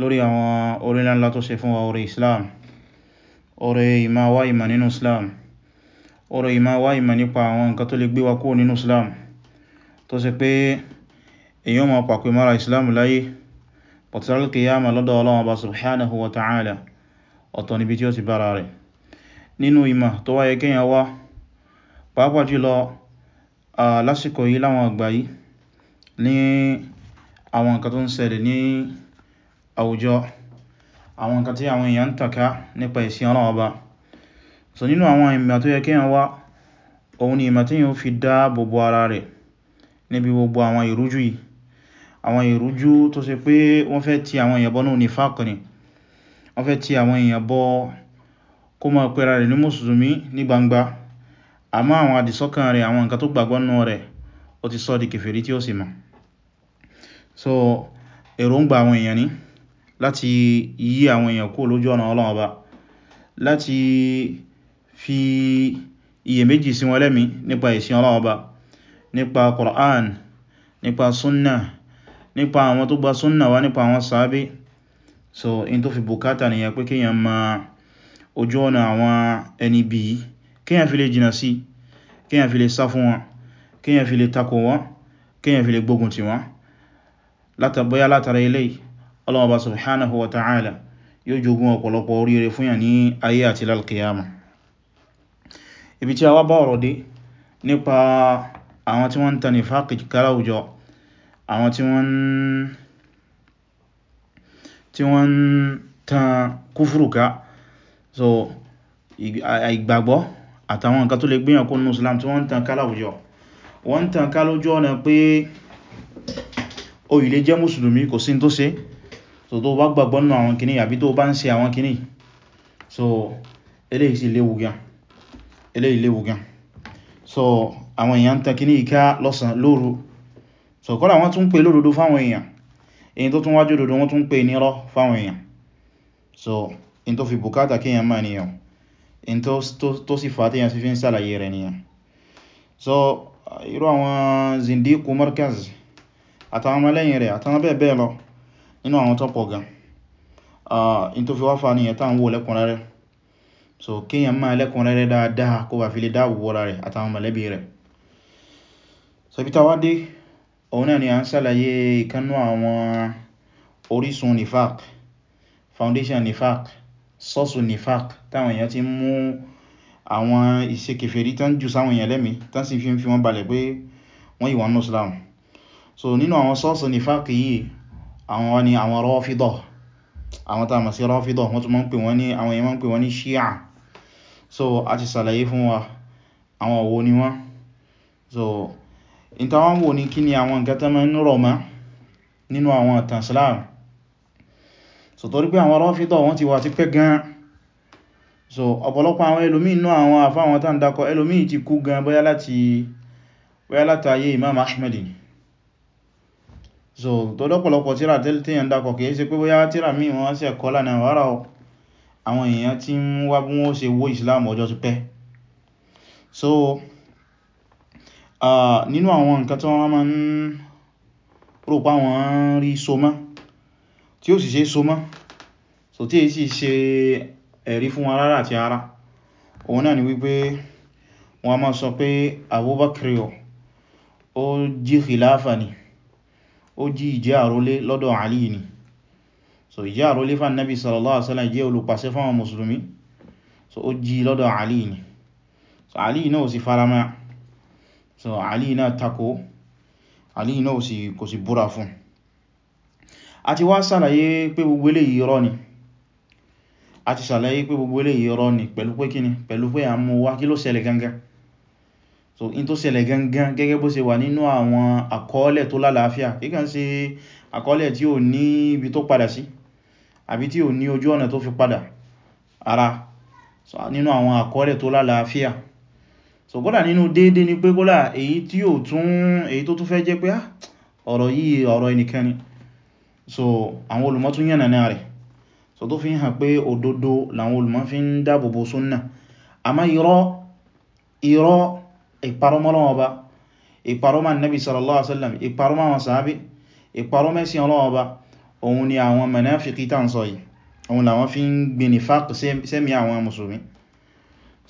lórí àwọn orílẹ̀ ńlá tó ṣe fún wa orí Islam orí ìmá wá ìmà nínú Islam orí ìmá wá ìmà nípa àwọn nǹkan tó lè gbé wa kúrò nínú Islam tó ṣe pé èyàn ma pàpẹ mara Islam láyé pọ̀tàlù kìyàmà lọ́dọ̀ Ọlọ́run bá subhanahu wa ta'ala àwọn nǹkan tó ń ṣẹlẹ̀ ní àwùjọ àwọn nǹkan tí àwọn èèyàn ń tànká nípa ìsìn Ọlọ́run Ọba so nínú àwọn ìmọ̀ tó yẹ kí èèyàn wá òun ni ìmọ̀ tí yíò fi dáàbò bo ara rẹ̀ níbi gbogbo àwọn ìrújú yìí àwọn ìrújú tó ṣe pé wọ́n fẹ́ ti àwọn èèyàn bọ́ náà ní fákùnrin wọ́n fẹ́ ti àwọn èèyàn bọ́ kó mọ̀ pẹ̀ra rẹ̀ ní mùsùlùmí ní gbangba àmọ́ àwọn àdìsọ́kàn rẹ̀ àwọn nǹkan tó gbàgbọ́ nù rẹ̀ ó ti sọ́ di kèfèrí tí ó sì mọ̀ so èròǹgbà àwọn èèyàn ni láti yí àwọn èèyàn kúrò lójú ọ̀nà Ọlọ́run Ọba láti fi iyèméjì sí wọn lẹ́mí nípa ìsìn Ọlọ́run Ọba nípa Qur'an nípa sunnah nípa àwọn tó gba sunnah wá nípa àwọn sàábé so in tó fi bùkátà nìyẹn pé kíyàn ma ojú ọ̀nà àwọn ẹni bí kíyàn fi lè jìnà sí kíyàn fi lè sá fún wọn kíyàn fi lè takò wọn kíyàn fi lè gbógun tì wọn látàbọ́yá látara eléyìí ọlọ́ọ̀bá subhanahu wa ta'ala yóò jogun ọ̀pọ̀lọpọ̀ oríire fún yà ní ayé àti lálkìyàmà ibi tí a wá bá ọ̀rọ̀ dé nípa àwọn tí wọ́n ń tani fáàkì káláwùjọ àwọn tí wọ́n tí wọ́n ń tan kúfùrùká so ìgbàgbọ́ àtàwọn nǹkan tó lè gbìyàn kó Islam tí wọ́n ń tan wọ́n ń tan ọ̀nà pé ó ilé jẹ́ mùsùlùmí kò sí tó ṣe so tó bá gbàgbọ́ nínú àwọn kìíní àbí tó bá ń ṣe àwọn kìíní so eléyìí sì léwu gan eléyìí léwu gan so àwọn èèyàn tan kìíní ìká lọ́sàn lóru so kọ́lá wọ́n tún pè lódodo fáwọn èèyàn èyí tó tún wájú dodo wọ́n tún pè nírọ́ fáwọn èèyàn so in tó fi bùkátà kí èèyàn máa nìyàn in tó sì fà tíyàn sí fi ń sàlàyé rẹ̀ nìyàn so irú àwọn zindiku markaz àtàwọn ọmọlẹ́yìn rẹ̀ àtàwọn bẹ́ẹ̀ bẹ́ẹ̀ lọ nínú àwọn tó pọ̀ gan in tó fi wá ní ẹ̀ta ń wó lẹ́kùnrẹ́rẹ́ so kíyàn máa lẹ́kùnrẹ́rẹ́ dáadáa kó bá fi lè dáàbòbòra rẹ̀ àtàwọn mọ̀lẹ́bí rẹ̀ so ibi tàwá dé òun náà ni a ń sàlàyé ìkanú àwọn orísun nifaq foundation nifaq sọ́sù nifaq táwọn èèyàn ti mú àwọn ìṣe kèfèrí tán jù sáwọn èèyàn lẹ́mí tán sì fi ń fi wọ́n balẹ̀ pé wọ́n ìwọ̀n Islam so sọ́sù nifaq yìí àwọn ni àwọn Rāfidah àwọn tá a mọ̀ sí Rāfidah wọ́n tún máa pè wọ́n ní àwọn èèyàn pè wọ́n ní Shia so a ti sàlàyé fún wa àwọn wo ni wọ́n so in ta wọ́n wò ní kí ni àwọn nǹkan tó ń rọ̀ mọ́ nínú àwọn ìtàn so torí pé àwọn Rāfidah wọ́n ti wà ti pẹ́ gan so ọ̀pọ̀lọpọ̀ àwọn ẹlòmí inú àwọn àfáwọn tá ń dakọ ẹlòmí ti kú gan bóyá láti bóyá Imam Ahmadi so tó lọ́pọ̀lọpọ̀ tíra tẹ́yàn dákọ̀ kìí ṣe pé bóyá tíra míì wọ́n ṣe kọ́ lánàá wárá ọ àwọn èèyàn tí ń wá bí wọ́n ṣe wó Islam ọjọ́ ti pẹ́ so nínú àwọn nǹkan tí wọ́n máa ń rò pa wọ́n rí soma tí ó sì ṣe soma so tí èyí sì ṣe ẹ̀rí fún wọn rárá àti ara òun náà ni wípé wọ́n máa sọ pé Abubakar ó jí khilafa ni ó jí ìjẹ́ àrólé lọ́dọ̀ Àlí ni so ìjẹ́ àrólé fún Ànábì sallallahu alaihi wasallam jẹ́ olùpàṣẹ fáwọn mùsùlùmí so ó jí lọ́dọ̀ Àlí ni so Àlí náà sì farama so Àlí náà takò Àlí náà sì kò sì búra fún a ti wá sàlàyé pé gbogbo eléyìí irọ́ ni a ti sàlàyé pé gbogbo eléyìí irọ́ ni pẹ̀lú pé kíni pẹ̀lú pé à ń mú wá kí ló ṣẹlẹ̀ gangan so in tó ṣẹlẹ̀ gangan gẹ́gẹ́ bó ṣe wà nínú àwọn àkọọ́lẹ̀ tó lálàáfíà kíkàn ṣe àkọọ́lẹ̀ tí ò ní ibi tó padà sí àbí tí ò ní ojú ọ̀nà tó fi padà ara so nínú àwọn akole tó lálàáfíà so kódà nínú déédé ni pé kódà èyí tí ò tún èyí tó tún fẹ́ jẹ́ pé ah ọ̀rọ̀ yìí ọ̀rọ̀ ẹnìkan ni so àwọn olùmọ̀ tún yànnà náà rẹ̀ so tó fi ń hàn pé òdodo làwọn olùmọ̀ fi ń dáàbòbò súnnà àmọ́ irọ́ irọ́ ìparọ́mọ́lọ́wọ́ba ìparọ́mọ́ nabi sallallahu alaihi wasallam ìparọ́mọ́ àwọn sàábí ìparọ́mẹ́sìn ọlọ́wọ́ba òun ni àwọn mẹ́nàfikí tàn sọ yìí òun làwọn fi ń gbìnì fàkì sẹ́mi àwọn musulmi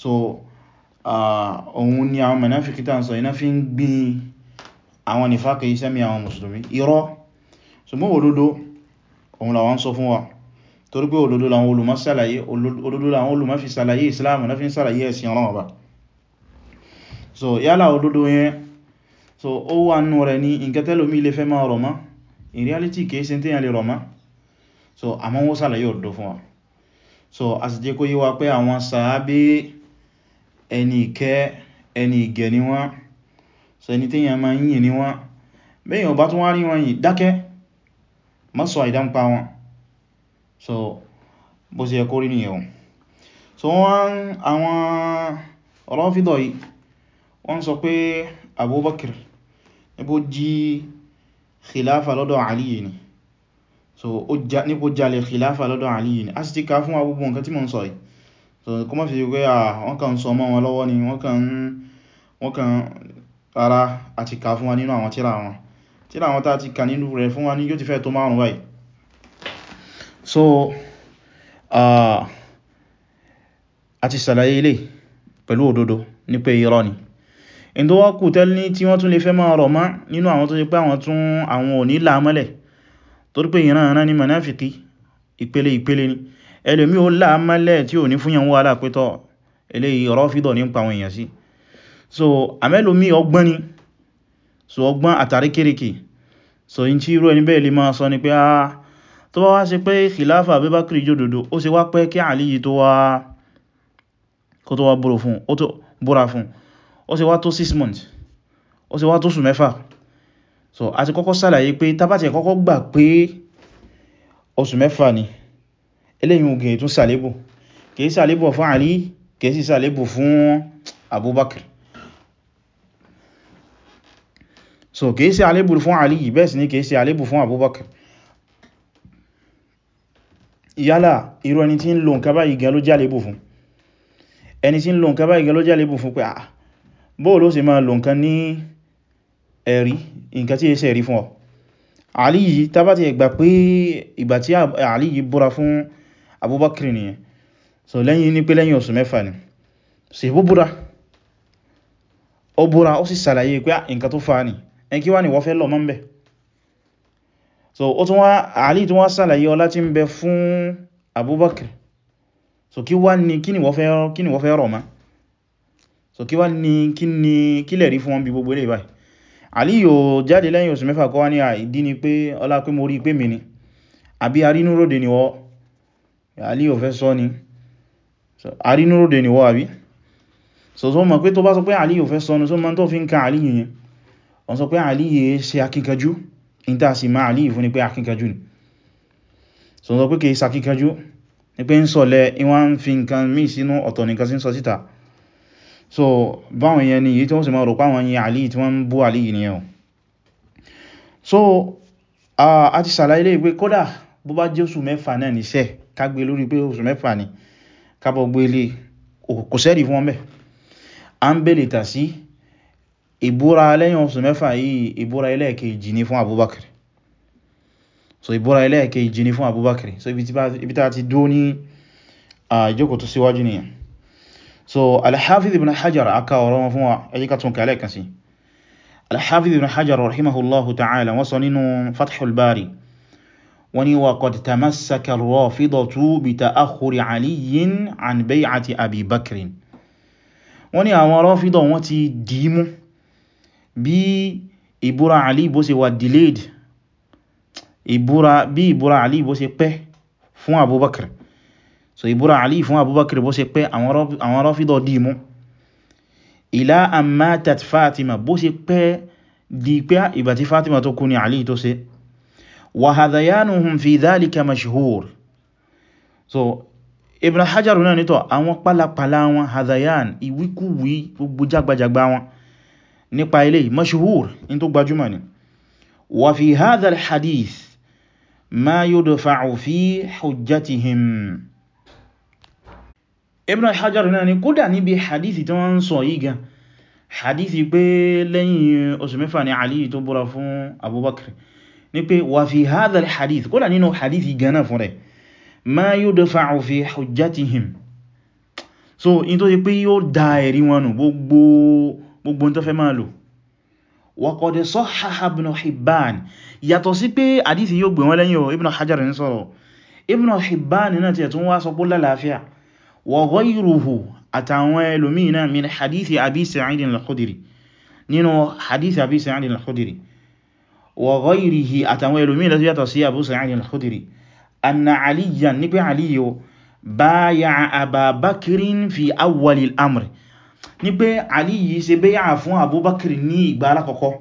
so òun ni àwọn mẹ́nàfikí tàn sọ yìí na fi ń gbìn àwọn nìfàkì sẹ́mi àwọn musulmi irọ́ so mọ́ òdodo òun làwọn sọ fún wa torí pé òdodo làwọn olùmọ́ fi sàlàyé islamu so yálà òdodo yẹn so ó wà nù rẹ̀ ní nǹkan tẹ́lòmí lè fẹ́ máa rọ̀mọ́ in reality kìí ṣe tíyàn lè rọ̀mọ́ so àmọ́ wọ́n ṣàlàyé òdodo fún wa so a sì jẹ́ kó yíwa pé àwọn sàábé ẹni ìkẹ́ ẹni ìgẹ̀ ni wọ́n so ẹni tíyàn máa yìn ni wọ́n bẹ́yàn bá tún wá rí wọn yìí dákẹ́ má sọ àìdánpa wọn so bó ṣe yẹ kó rí nìyẹn so wọ́n àwọn Ràfídà yìí wọ́n sọ pé abubakir níbo jí khilafa lọ́dọ̀ aliyu ni so níbo jalè khilafa lọ́dọ̀ aliyu ni a sì ti ká fún abubuwan nǹkan tí mo ń sọ yìí so kó má fi wé à wọ́n kàn sọ mọ́ wọn lọ́wọ́ ni wọ́n kàn ara àti ká fún wa nínú àwọn tíra wọn tíra wọn tàà ti ká nínú rẹ̀ fún wa ní yóò ti fẹ́ tó márùn báyìí so a ti sàlàyé ilé pẹ̀lú òdodo ní pé irọ́ ni in tó wá kù tẹ́lẹ̀ tí wọ́n tún lè fẹ́ máa rọ̀ má nínú àwọn tó ṣe pé àwọn tún àwọn ò ní là mọ́lẹ̀ torí pé ìran ni mọ̀náfìkì ìpele ìpele ni ẹlòmí ó là mọ́lẹ̀ tí ò ní fún yẹn wà so àmẹ́lòmí ni so ọgbọ́n so ni pé ah tó bá wá ṣe pé khilafa Abubakar jòdòdó ó ṣe wá pẹ́ kí Àlíyì tó ó sì wá tó 6 months ó sì wá tó sù mẹ́fà so a ti kọ́kọ́ sàlàyé pé tàbátì kọ́kọ́ gbà pé oṣù mẹ́fà ni eléyìn ogun ètò sàlébù kìí sàlébù fún àlí kìí sì sàlébù fún abubakar so kìí sí àlébù fún àlí bẹ́ẹ̀ sì ni kìí sí àlébù fún abubakar yálà irú ẹni tí ń lo nǹkan báyìí gan ló jálébù fún ẹni tí ń lo nǹkan báyìí gan ló jálébù fún pé àà ah, bóò ló sì máa lò nǹkan ní ẹ̀rí nǹkan tí èsẹ̀ rí fún ọ Àlí yìí tàbá ti ẹgbà pé ìgbà tí Àlí búra fún Abubakar nìyẹn so lẹ́yìn ní pé lẹ́yìn oṣù mẹ́fà ni sì bú búra ó búra ó sì sàlàyé pé nǹkan tó fa ni ẹn kí wá ní wọ́n fẹ́ lọ mọ́ so ó tún wá Àlí tún wá so kí wá ní kí ni wọ́n fẹ́ rọ̀ mọ́ so kí wá ní kí ní kílẹ̀ rí fún wọn bí gbogbo eléyìí báyìí Àlí yóò jáde lẹ́yìn oṣù mẹ́fà kọ́ ní ìdí ni pé ọlá pé mo rí pé mi ni àbí arínúròdè ni wọ́ Àlí yóò fẹ́ sọ ni arínúròdè ni wọ́ àbí so so mọ̀ pé tó bá sọ pé Àlí yóò fẹ́ sọ so mọ́ tó fi ń ka Àlí yìí wọ́n sọ pé Àlí yìí ṣe akíkanjú in tá sì máa Àlí fún ni pé akíkanjú ni so sọ pé kìí sakíkanjú ni pé ń so báwọn yẹn ni yìí tí wọ́n sì máa rò páwọn yìí Àlì tí wọ́n ń bú Àlì yìí nìyẹn so a ti sàlàyé lè pé kódà bó bá jẹ́ oṣù mẹ́fà náà níṣẹ́ ká gbé lórí pé oṣù mẹ́fà ni kábọ̀ gbé lé kò sẹ́rì fún ọmọ a ń bèèrè tà sí ìbúra lẹ́yìn oṣù mẹ́fà yìí ìbúra ẹlẹ́ẹ̀kejì ni fún Abubakar so ìbúra ẹlẹ́ẹ̀kejì ni fún Abubakar so ibi tí a ti dó ní ìjókòó tó síwájú nìyẹn so al-Hafiz ibn Hajar aka ọ̀rọ̀ wọn fún wa ẹjíká tún kàlẹ̀ kan sí al-Hafiz ibn Hajar rahimahullahu ta'ala wọ́n sọ nínú Fathul Bari wọ́n ní wa qad tamassaka ar-Rafidatu bi ta'akhuri Aliyin an bay'ati Abi Bakrin wọ́n ní àwọn Rafidọ̀ wọ́n ti dìímú bí ìbúra Ali bó ṣe wà delayed ìbúra bí ìbúra Ali bó ṣe pẹ́ fún Abubakar so ìbúra Àlí fún Abubakar bó ṣe pé àwọn Rọ́fídọ̀ dìímú ìlà àmátat Fatima bó ṣe pé di pé ìgbà tí Fatima tó kú ni Àlí tó ṣe wa hadhayanuhum fi dhalika mashhur so Ibn Hajar náà nítọ̀ àwọn pálapàla wọn hadhayan ìwíkúwí gbogbo jágbàjàgbà wọn nípa ilé mashhur in tó gbajúmọ̀ ni wa fi hadha al ma yudfa'u fi hujjatihim Ibn al-Hajar náà ni kódà níbi hadithi tí wọ́n ń sọ yìí gan hadithi pé lẹ́yìn oṣù mẹ́fà ni Ali tó búra fún Abubakar ní pé wà fi hadha al-hadith kódà nínú hadithi gan fún rẹ̀ ma yudfa'u fi hujjatihim so in tó yí pé yóò da ẹ̀rí wọn nù gbogbo tó fẹ́ máa lò wa qad sahhaha Ibn Hibban yàtọ̀ sí pé hadithi yóò gbé wọn lẹ́yìn Ibn Hajar ń sọ̀rọ̀ Ibn Hibban náà ti ẹ̀tún wá sọ pé lálàáfíà wa ghayruhu àtàwọn ẹlòmíìnà min hadithi abi sa'idin al-khudiri nínú hadithi abi sa'idin al-khudiri wa ghayrihi àtàwọn ẹlòmíìnà tó yàtọ̀ sí abu sa'idin al-khudiri anna aliyan ní pé aliyo báyà ababakirin fi awwalil amri ní pé aliyi ṣe báyà fún abubakir ní ìgbà alákọ̀ọ́kọ́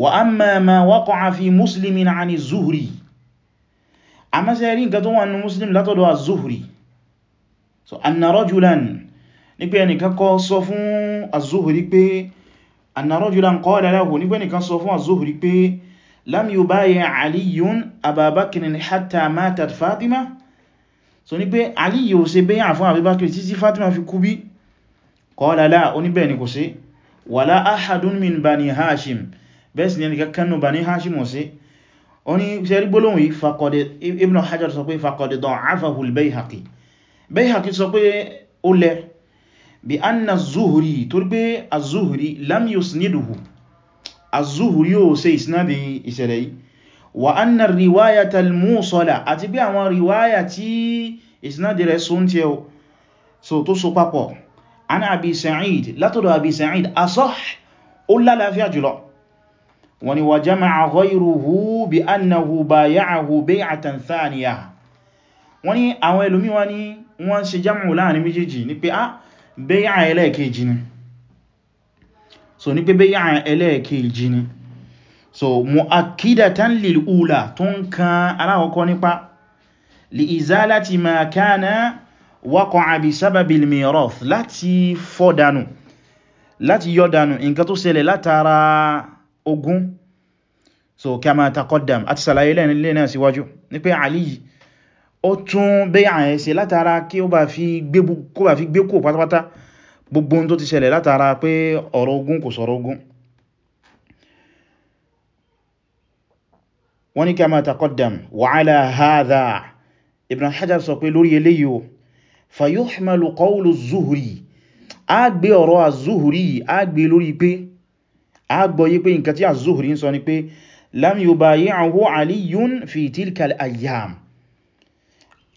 wa amma ma waqa'a fi muslimin 'ani ga tó wà muslim látọ̀dọ̀ az-zuhri so anna rajulan ní pé ẹnìkan kọ́ sọ fún az-Zuhri pé anna rajulan qala lahu ní pé ẹnìkan sọ fún az-Zuhri pé lam yubaya aliyun Aba Bakrin hatta matat Fatima so ní pé Ali yóò ṣe bẹ́yà fún Abu Bakr títí Fatima fi kú bí qala la oníbẹ̀ ni kò sí wala ahadun min Bani Hashim bẹ́ẹ̀ ni ẹnìkan kanú Bani Hashim ò sí oní ṣe rí gbólóhùn yìí faqad Ibn Hajar sọ pé faqad da'afahu al-Bayhaqi Bayhaqi sọ pé ó lẹ bí anna zuhuri torí pé azuhuri lam yusniduhu azuhuri ó ṣe ìsinadi ìṣẹ̀lẹ̀ yìí wa anna riwayata al-musala àti bí àwọn riwaya tí ìsinadi rẹ̀ so ń tẹ́ o so tó so papọ̀ an abi sa'id látọ̀dọ̀ abi sa'id asah ó lálàáfíà jùlọ wọ́n ni wa jama'a ghayruhu bi annahu bay'ahu bay'atan thaniya wọ́n ni àwọn ẹlòmíwá wọ́n ṣe jámù láàrin méjèèjì ní pé ah bẹ́yà ẹlẹ́ẹ̀kejì ni so ní pé bẹ́yà ẹlẹ́ẹ̀kejì ni so mu'akkidatan lil ula tó ń kan aláwọ̀kọ́ nípa li izalati ma kana waqa'a bi sababil mirath láti fọ́dánù láti yọ́dánù nǹkan tó ṣẹlẹ̀ látara ogun so kama taqaddam àti sàlàyé lẹ́nà síwájú ní pé aliyu ó tún bẹ́yà ẹ̀ ṣe látara kí ó bá fi gbé kò pátápátá gbogbo ohun tó ti ṣẹlẹ̀ látara pé ọ̀rọ̀ ogun kò sọ̀rọ̀ ogun wọ́n ní kama taqaddam wa ala hadha Ibn Hajar sọ pé lórí eléyìí o fa yuhmalu qawlu az-Zuhri a gbé ọ̀rọ̀ az-Zuhri a gbé lórí pé a gbọ́yé pé nǹkan tí az-Zuhri ń sọ ni pé lam yubayi'ahu Aliyyun fi tilka ayyam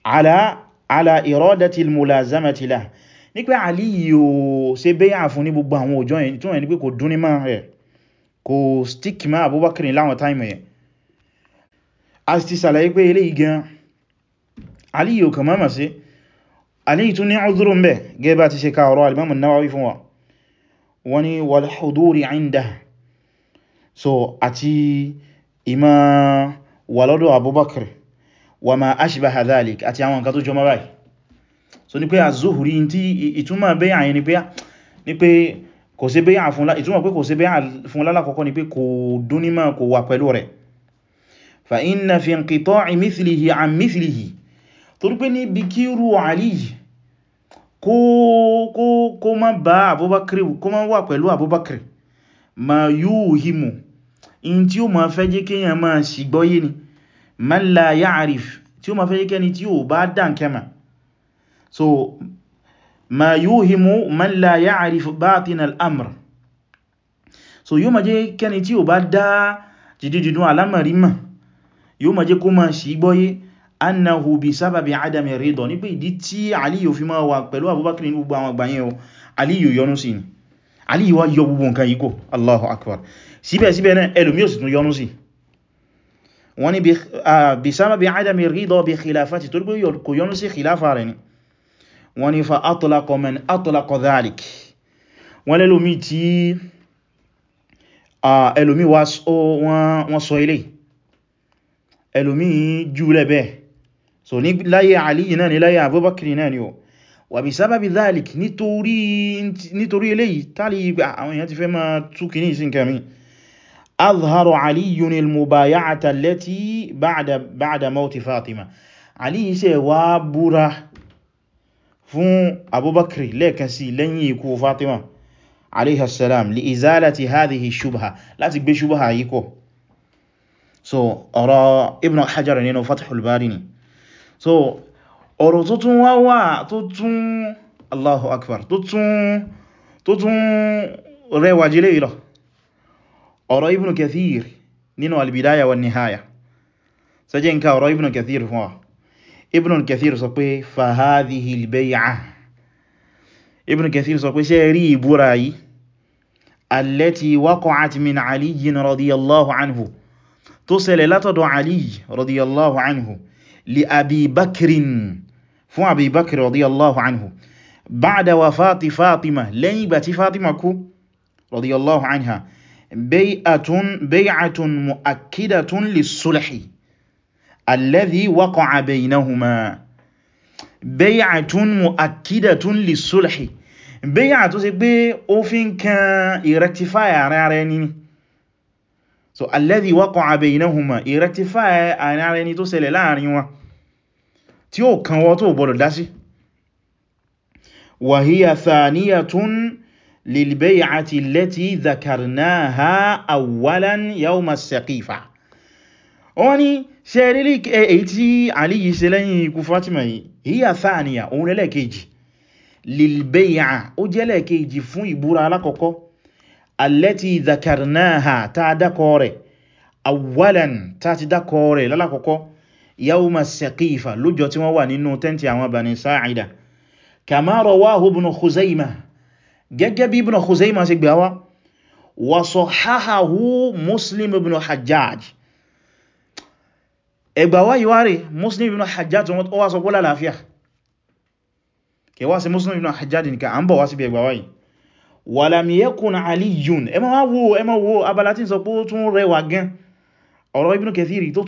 ala ala iradati almulazamati lah ní pé ali yíò ṣe bẹ́yà fún ní gbogbo àwọn ọjọ́ yẹn tún ẹni pé kò dún ní máa rẹ̀ kò stick ma abubakar láwọn táìmù yẹn a ti sàlàyé pé eléyìí gan ali yíò kàn mọ́mọ̀ sí ali tún ní ọdúrú mẹ́ gẹ́bà ti ṣe ka ọ̀rọ̀ alimamu nawawi fún wa wọ́n wal huduri inda so àti ìmọ̀ wà abubakar wa ma ashbaha dhalik àti àwọn nǹkan tó jọ mọ́ báyìí so ní pé az-Zuhri tí ìtumọ̀ bẹ́yà yẹn ni pé kò ṣe bẹ́yà fún ìtumọ̀ pé kò ṣe bẹ́yà fún lálàkọ́kọ́ ni pé kò dúnímọ̀ kò wà pẹ̀lú rẹ̀ fa inna fi inqita'i mithlihi an mithlihi torí pé níbi kírù Àlì kó má bá Abubakar kó má wà pẹ̀lú Abubakar ma yuhimu in tí ó ma fẹ́ jẹ́ kéèyàn máa ṣìgbọ́yé ni man la ya'rif tí ó ma fẹ́ kẹ́ni tí ó bá dánkẹ́mà so ma yuhimu man la ya'rif batin al'amr so yóò ma jẹ́ kẹ́ni tí ó bá dá jìdìdìdún alamari ma yóò ma jẹ́ kó ma sì gbọ́yé annahu bi sábàbí adami ridọ ní pé ìdí tí aliyu fi ma wà pẹ̀lú abubakar ní gbogbo àwọn àgbáyẹn o aliyu yọnú sí ni aliyu wá yọ gbogbo nǹkan yìí kò allahu akbar síbẹ̀síbẹ̀ náà ẹlòmí ò sì tún yọnú sí i wọ́n ní bí sábà bí adam rídọ́ bí khilafa ti torí pé kò yọ́nú sí khilafa rẹ̀ ni wọ́n ní fa atọ́lakọ̀ mẹ́ni atọ́lakọ̀ dhalik wọ́n lẹ́lòmí tí ẹlòmí wọ́n sọ ilé ẹlòmí jù lẹ́bẹ̀ so ní láyé aliyu náà ni láyé abubakar náà ni o wà bí sábà bí dhalik nítorí eléyìí tálí àwọn èèyàn ti fẹ́ máa túkì ní ìsìnkẹ̀mí أظهر علي المبايعة التي بعد, بعد موت فاطمة علي سيوابرا فن أبو بكر لكسي لن يكو فاطمة عليه السلام لإزالة هذه الشبهة لا تكبي شبهة يكو so أرى ابن الحجر لأنه فتح الباريني so أرى تطن ووا تطن الله أكبر تطن تطن رواجي ليلة ọ̀rọ̀ Ibn Kathir nínú al-Bidaya wa Nihaya so jẹ́ nǹkan ọ̀rọ̀ Ibn Kathir fún wa Ibn Kathir sọ pé fahadihi al-bay'ah Ibn Kathir sọ pé ṣe rí ìbúra yìí allati waqa'at min aliyin radiyallahu anhu tó ṣẹlẹ̀ látọ̀dọ̀ Ali radiyallahu anhu li Abi Bakrin fún Abi Bakr radiyallahu anhu بيعة مؤكدة للصلح الذي وقع بينهما بيعة مؤكدة للصلح bíyà tó ṣe pé ó fi ń kan ìrẹ́tífáì àárín ara so alladhi waqa'a baynahuma ìrẹ́tífáì àárín ara ẹni tó ṣẹlẹ̀ láàrin wọn tí للبيعة التي ذكرناها أولا يوم السقيفة wọ́n ni ṣe rírí èyí tí Àlí yìí ṣe lẹ́yìn ikú Fatima yìí hiya thaniya òun lẹ́lẹ́kejì lilbeya ó jẹ́ lẹ́kejì fún ìbúra alákọ̀ọ́kọ́ allati dhakarnaha ta dákọ rẹ̀ awwalan ta ti dákọ rẹ̀ lálákọ̀ọ́kọ́ yawma saqifa lójọ tí wọ́n wà nínú tẹ́ntì Bani Sa'ida kama rawahu ibn Khuzaimah gẹ́gẹ́ bí ibn Khuzaymah ṣe gbà wá wa sahhahahu Muslim ibn Hajjaj ẹgbà wá yíwá rẹ̀ Muslim ibn Hajjaj wọn ó wá sọ pọ́lá láàfíà kẹwàá sí Muslim ibn Hajjaj nìkan à ń bọ̀ wá sí ẹgbà wáyìí wa lam yakun Ibn Kathiri tó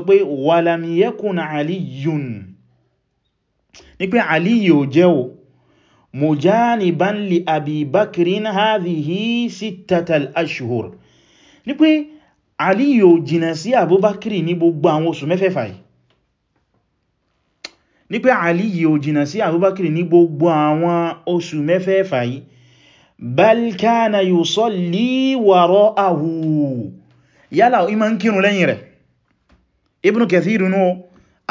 tún wa lam yakun Aliyyun ní pé aliyu jẹ́ o mujaniban li abibakirin hadhihi sittatal ashhur ní pé aliyu jìnà sí abubakiri ní gbogbo àwọn oṣù mẹ́fẹ̀fà yìí ní pé aliyu jìnà sí abubakiri ní gbogbo àwọn oṣù mẹ́fẹ̀fà yìí bal kana yusalli wara'ahu yálà ìmọ̀ ń kírun lẹ́yìn rẹ̀ ibn kathirun náà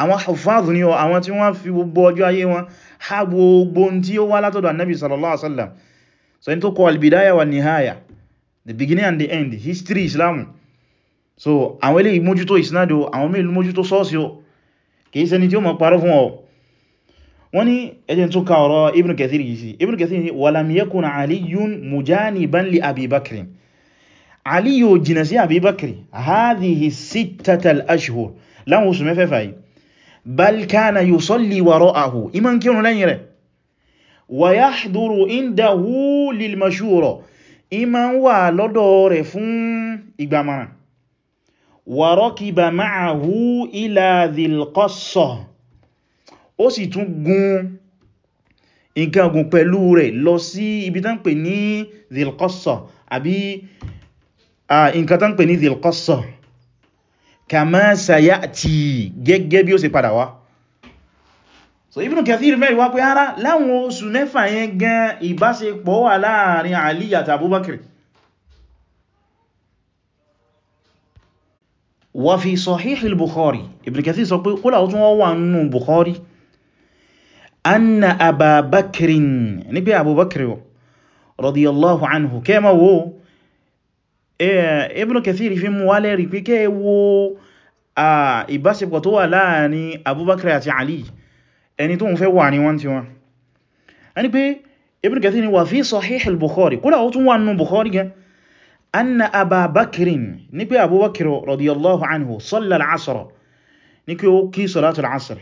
àwọn huffaaz ni ọ àwọn tí wọ́n fi gbogbo ọjọ́ ayé wọn ha gbogbo tí ó wá látọ̀dọ̀ annabi sallallahu alaihi wasallam so in tó kọ albidaya wa nihaya the beginning and the end history islam so àwọn ilé ìmójútó isnado àwọn mẹ́lú mójútó sọ́ọ̀sì o kìí ṣẹni tí ó mọ̀ parọ́ fún ọ wọ́n ní ẹjẹ́ tó ka ọ̀rọ̀ ibn kathir yìí sí ibn kathir ni walam yakun aliyun mujaniban li abubakar ali yóò jìnà sí abubakar hadhihi sittatal ashhur láwọn oṣù mẹ́fẹ́fà yìí bal kana yusalli wara'ahu iman kírun lẹ́yìn rẹ̀ wa yahduru indahu lil mashura iman wà lọ́dọ̀ rẹ̀ fún ìgbàmọ̀ràn wa rakiba ma'ahu ila dhil qassa ó sì tún gun nǹkan gùn pẹ̀lú rẹ̀ lọ sí ibi tán pè ní dhil kama sayati gẹ́gẹ́ bí ó ṣe padà wá so Ibn Kathir mẹ́rin wá pé ara láwọn oṣù mẹ́fà yẹn gan ìbáṣepọ̀ wà láàrin Ali àti Abubakar wa fi Sahih al-Bukhari Ibn Kathir sọ pé kúlà ó tún wọ́n wà nínú Bukhari anna Abubakar ní pé Abubakar radiyallahu anhu kẹ́mọ̀ wo Ibn Kathir fi mú wá lẹ́rí pé kẹ́ wo ìbáṣepọ̀ tó wà láàrin Abubakar àti Ali ẹni tó ń fẹ́ wà ní wọ́n tí wọ́n a ní pé Ibn Kathir ni wà fi Sahih al-Bukhari kúrò ó tún wà nínú Bukhari gan anna ababakirin ní pé Abubakar radiyallahu anhu sallal asr ní pé ó kí salatul asr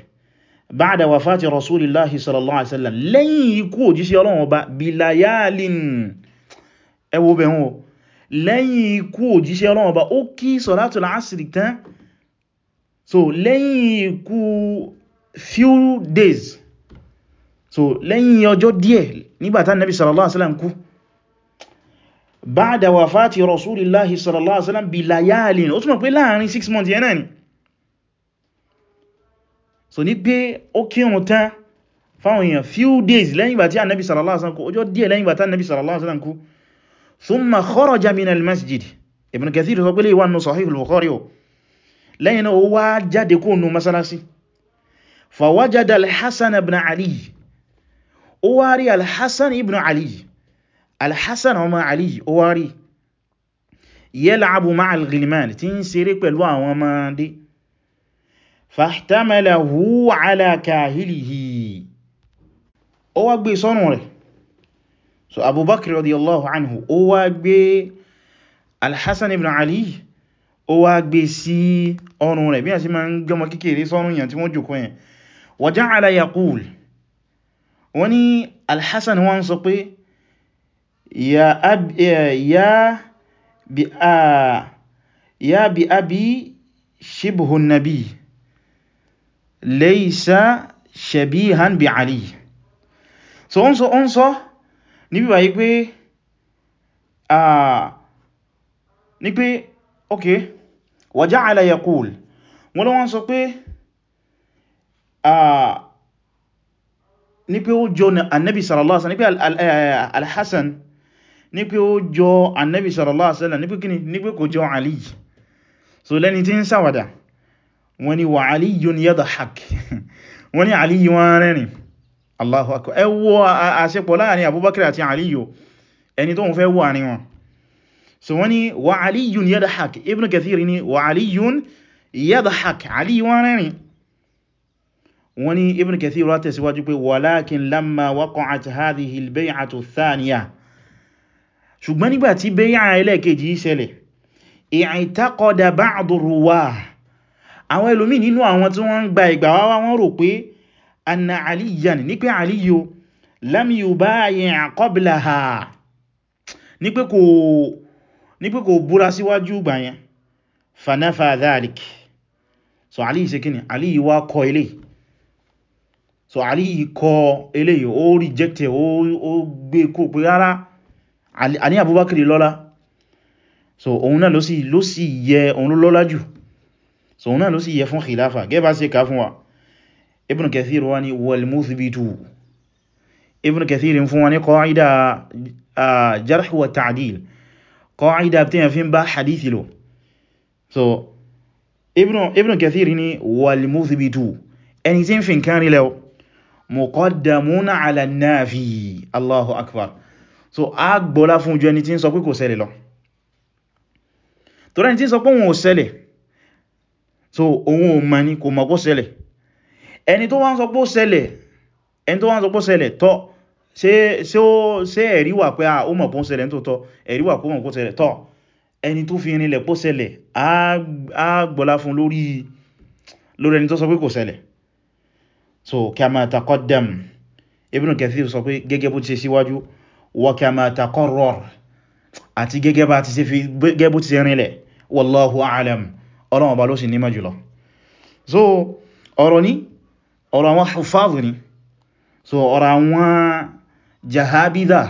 ba'da wafati rasulillahi sallallahu lẹ́yìn ikú òjíṣẹ́ Ọlọ́run ọba ó kí sọ̀látùl asìrì tán so lẹ́yìn ikú few days so lẹ́yìn ọjọ́ díẹ̀ nígbàtá nabi sallallahu alaihi wasallam kú ba'da wafati rasulillahi sallallahu alaihi wasallam bi layalin ó túnmọ̀ pé láàrin 6 months ni so ní pé ó fáwọn èèyàn few days lẹ́yìn ìgbà tí annabi sallallahu alaihi wasallam kú ọjọ́ díẹ̀ lẹ́yìn ìgbà tí annabi sallallahu alaihi wasallam kú thumma kharaja min al-masjid Ibn Kathir sọ pé lè wà nù Sahih al-Bukhari o lẹ́yìn náà ó wá jáde kó nù masalasi fawajada al-Hasan ibn Ali ó wá rí al-Hasan ibn Ali al-Hasan ọmọ Ali ó wá rí yal'abu ma'a al-ghilman tí ń ṣeré pẹ̀lú àwọn ọmọdé fahtamala hu ala kahilihi ó wá gbé e sọ́nù rẹ̀ so abubakir radiyallahu anhu ó wá gbé alhassan ibn ali ó wá gbé sí ọrùn rẹ̀ bí a sì máa ń gọmọ kékeré sọ́rùn yàn tí wọ́n jùkú yẹn wa ja'ala yaqul wọ́n ní alhassan wọ́n sọ pé ya bi abi shibhun nabi laysa shabihan bi ali so on so on so níbí báyìí pé ní pé ok wa ja'ala yaqul wọ́n lọ́wọ́n sọ pé ní pé ó jọ annabi sallallahu alaihi wasallam ní pé al-Hasan ní pé ó jọ annabi sallallahu alaihi wasallam ní pé kíni ní pé kò jọ Ali so lẹ́ni tí ń ṣàwàdà wọ́n ní wa Aliyun yadhak wọ́n ní Ali wọ́n rẹ́rìn Allahu akbar ẹ wo àṣepọ̀ láàrin Abubakar àti Aliyu ẹni tó ń fẹ́ wà ní wọn so wọ́n ni wa Aliyun yadhak Ibn Kathir ni wa Aliyun yadhak Aliyu wọn rẹ̀rin wọ́n ni Ibn Kathir rọ́ tẹ̀síwájú pé walakin lamma waqa'at hadhihi al-bay'atu ath-thaniya ṣùgbọ́n nígbà tí bay'a ẹlẹ́kejì ṣẹlẹ̀ i'taqada ba'du ruwah àwọn ẹlòmí nínú àwọn tí wọ́n ń gba ìgbà wá rò pé anna aliyan ní pé aliyo lam yubayi'a qablaha ní pé kò ní pé kò búra síwájú ìgbà yẹn fanafa dhalik so aliyi ṣe kíni aliyi wá kọ ilé so aliyi kọ ilé ó reject ó gbé e kó pé rárá àní abubakar lọ́lá so òun náà ló sì yẹ òun lọ́lá jù so òun náà ló sì yẹ fún khilafa gẹ́bà ṣe ká fún wa ibn kathir wani walmuthbitu ibn kathir fún wani kọ́ídà jarh wa ta'dil kọ́ídà tí yẹn fi ń bá so ibn, ibn kathir ni walmuthbitu ẹni tí ń fi nǹkan rí lẹ́wọ́ muqaddamuna nafi allahu akbar so a gbọ́lá fún ojú ẹni tí ń sọ pé kò ṣẹlẹ̀ lọ torí ẹni tí ń sọ so òun ò mọ̀ ní kò mọ̀ kó ṣẹlẹ̀ ẹni tó wá ń sọ pó ṣẹlẹ̀ ẹni tó wá ń sọ pó ṣẹlẹ̀ tọ́ ṣe ẹ̀rí wà pé ó mọ̀ pó ṣẹlẹ̀ tó tọ́ ẹ̀rí wà pó mọ̀ pó ṣẹlẹ̀ tọ́ ẹni tó fi rinlẹ̀ pó ṣẹlẹ̀ á gbọ́lá fún lórí ẹni tó sọ pé kò ṣẹlẹ̀ so kama taqaddam Ibn Kathir sọ pé gẹ́gẹ́ bó ti ṣe síwájú wa kama taqarrar àti gẹ́gẹ́ bá ti ṣe fi gẹ́gẹ́ bó ti ṣe rinlẹ̀ wallahu a'lam ọlọ́wọ̀n bá ló sì ní mẹ́jùlọ so ọ̀rọ̀ ní ọ̀rọ̀ àwọn hufaz ni so ọ̀rọ̀ àwọn jahabida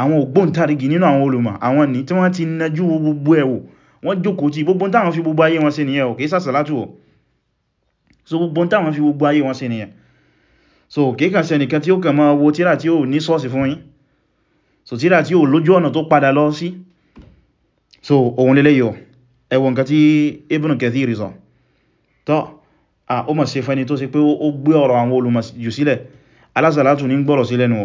àwọn ògbóǹtarìgì nínú àwọn olùmọ̀ àwọn ní tí wọ́n ti nájú gbogbo ẹ̀wò wọ́n jókòó tí gbogbo táwọn fi gbogbo ayé wọn ṣe nìyẹn ò kìí sàṣàlátù so gbogbo táwọn fi gbogbo ayé wọn ṣe nìyẹn so kìí kàn ṣe nìkan tí ó kàn máa wo tíra tí ó ní sọ́ọ̀sì fún yín so tíra tí ó lójú ọ̀nà tó padà lọ sí so ohun lélẹ́yọ̀ ẹwọ nǹkan tí Ibn Kathir sọ so, ó mọ̀ sí fẹ́ni tó sì pé ó gbé ọ̀rọ̀ àwọn olùmọ̀ jù sílẹ̀ alásàlátù ní gbọ́rọ̀ sí lẹ́nu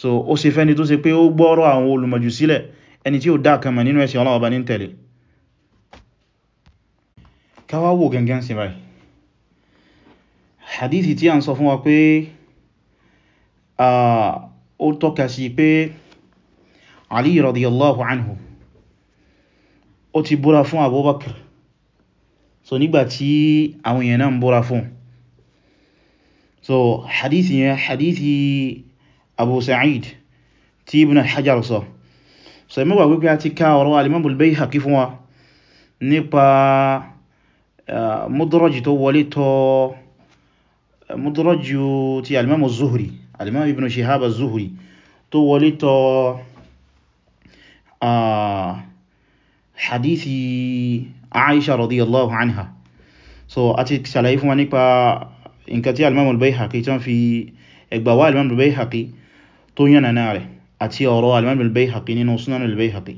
so ó sì fẹ́ni se sì o ó gbọ́rọ̀ àwọn olùmọ̀ jù sílẹ̀ ẹni tí ó dá kan mọ̀ nínú ẹ̀sìn Ọlọ́run Ọba ní tẹ̀lé káwá wò gangan sí báyìí hadithi tí a ń sọ fún wa pé ó tọ́ka sí pé Ali radiyallahu anhu ó ti búra fún Abubakar so nígbàtí àwọn èèyàn náà ń búra fún so hadithi yẹn hadithi abu sa'id tí ibn hajar sọ so imọ́ wà wípé a ti ká ọ̀rọ̀ alimamul bayhaqi fún wa nípa mudraji tó wọlé tọ mudraji ti alimamu zuhri alimamu ibn shihaba zuhri tó wọlé tọ hadithi aisha radiyallahu anha so a ti ṣàlàyé fún wa nípa nǹkan tí al-imam al-bayhaqi tán fi ẹgbàwà al-imam al-bayhaqi tó yànnà rẹ̀ àti ọ̀rọ̀ al-imam al-bayhaqi sunan al-bayhaqi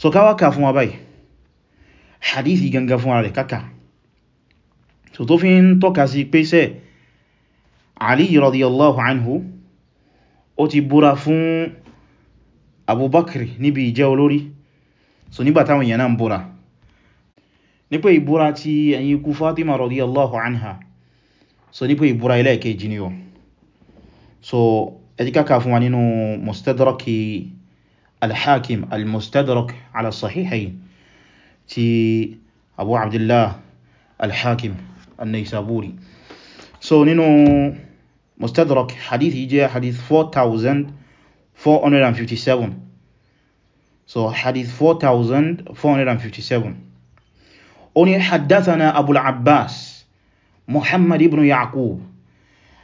so káwà ká fún wa báyìí hadithi ganga fún rẹ̀ kaka so tó fi ń tọ́ka sí pé sẹ́ ali radiyallahu anhu ó ti búra fún abubakar níbi ìjẹ́ olórí so nígbàtàwọn èèyàn náà ń búra ní pé ìbúra ti ẹ̀yìn ikú Fatima radiyallahu anha so ní pé ìbúra ẹlẹ́ẹ̀kejì ni o so ẹjíkáka fún wa nínú mustadraki al-hakim al-mustadrak ala sahihayn ti abu abdullah al-hakim an-naysaburi so nínú mustadrak hadith yìí jẹ́ hadith 4457 so hadith 4457 ó ní haddathana abul abbas muhammad ibn yaqub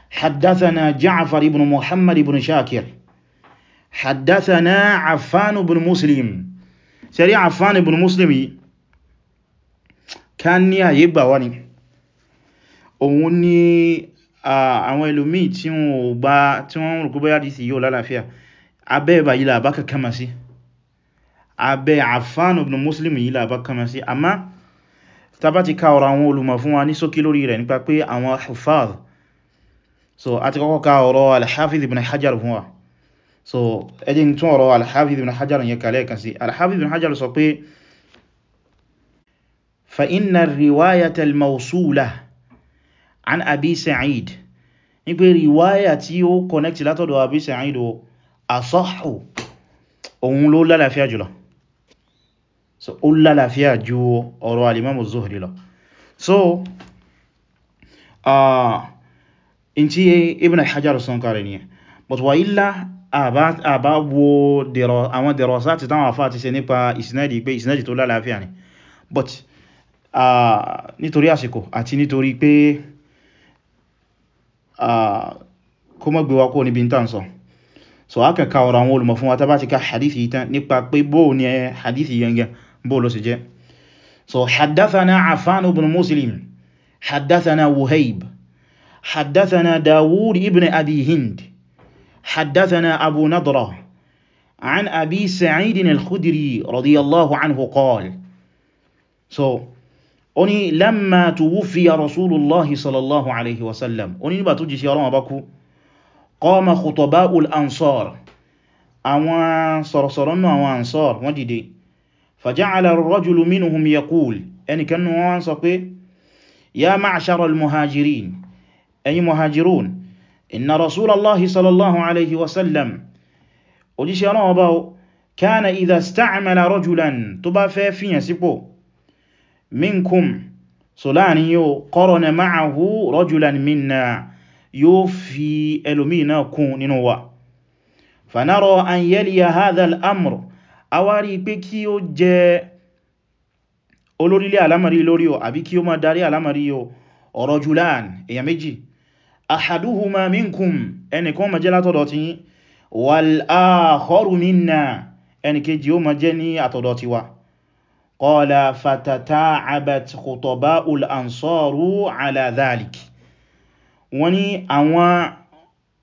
haddathana ja'far ibn muhammad ibn shakir haddathana affan ibn muslim sari affan ibn muslim yìí kan ní àyè gbà wá ni òun ní àwọn ẹlòmíì tí wọ́n bá tí wọ́n rùkú bóyá dìsí yóò lálàáfíà abẹ́ ẹ̀bà yìí làbá kàkàmà sí abẹ́ àfánà ibn muslim yìí làbá kàkàmà sí àmá tàbá ti ká ọ̀rọ̀ àwọn olùmọ̀ fún wa ní ṣókí lórí rẹ̀ nípa pé àwọn huffaz so a ti kọ́kọ́ ká ọ̀rọ̀ al-Hafiz ibn Hajar fún wa so ẹjẹ́ tún ọ̀rọ̀ al-Hafiz ibn Hajar yẹ kalẹ̀ kan sí al-Hafiz ibn Hajar sọ pé fa inna riwayata al-mawsula an abi sa'id ní pé riwaya tí ó connect látọ̀dọ̀ abi sa'id o asahhu òun ló lálàáfíà jùlọ so ó lálàáfíà ju ọ̀rọ̀ alimamu zuhri lọ so uh, in tí ibn hajar sun kare ni but wa illa àbá wo àwọn dẹ̀rọ̀sá ti táwọn àfá ti ṣe nípa ìsinadi pé ìsinadi tó lálàáfíà ni but uh, nítorí àsìkò àti nítorí pé uh, kó mọ́ gbé wa kó níbi tàn sọ so a kàn ka ọ̀rọ̀ àwọn olùmọ̀ fún wa tá bá ti ka hadithi tán nípa pé bóò ni hadithi yẹn bóòlò sí jẹ́ so haddathana afan ibn muslim haddathana wuhaib haddathana dawud ibn abi hind haddathana abu nadra an abi sa'idin al-khudri radiyallahu anhu qala so oni lamma tuwufiya rasulullahi sallallahu alaihi wasallam oni nígbà tó jíṣẹ́ ọlọ́wọ́ bá kú qama khutaba ul ansar àwọn sọ̀rọ̀sọ̀rọ̀ náà àwọn ansar wọ́n dìde فجعل الرجل منهم يقول يعني كانوا وانسوا يا معشر المهاجرين أي مهاجرون إن رسول الله صلى الله عليه وسلم وليش يرابوا كان إذا استعمل رجلا تبا فيفين سيبو منكم سولاني يو قرن معه رجلا منا يوفي ألمينا كوننوا فنرى أن يلي هذا الأمر a wá rí pé kí ó jẹ́ olórí lé alamari lórí o àbí kí ó máa darí alamari o rajulan èyàn méjì ahaduhuma minkum ẹnìkan máa jẹ́ látọ̀dọ̀ ti yín wal akharu minna ẹnìkejì ó máa jẹ́ ní àtọ̀dọ̀ ti wa qala fatata'abat khutaba'ul ansaru ala dhalik wọ́n àwọn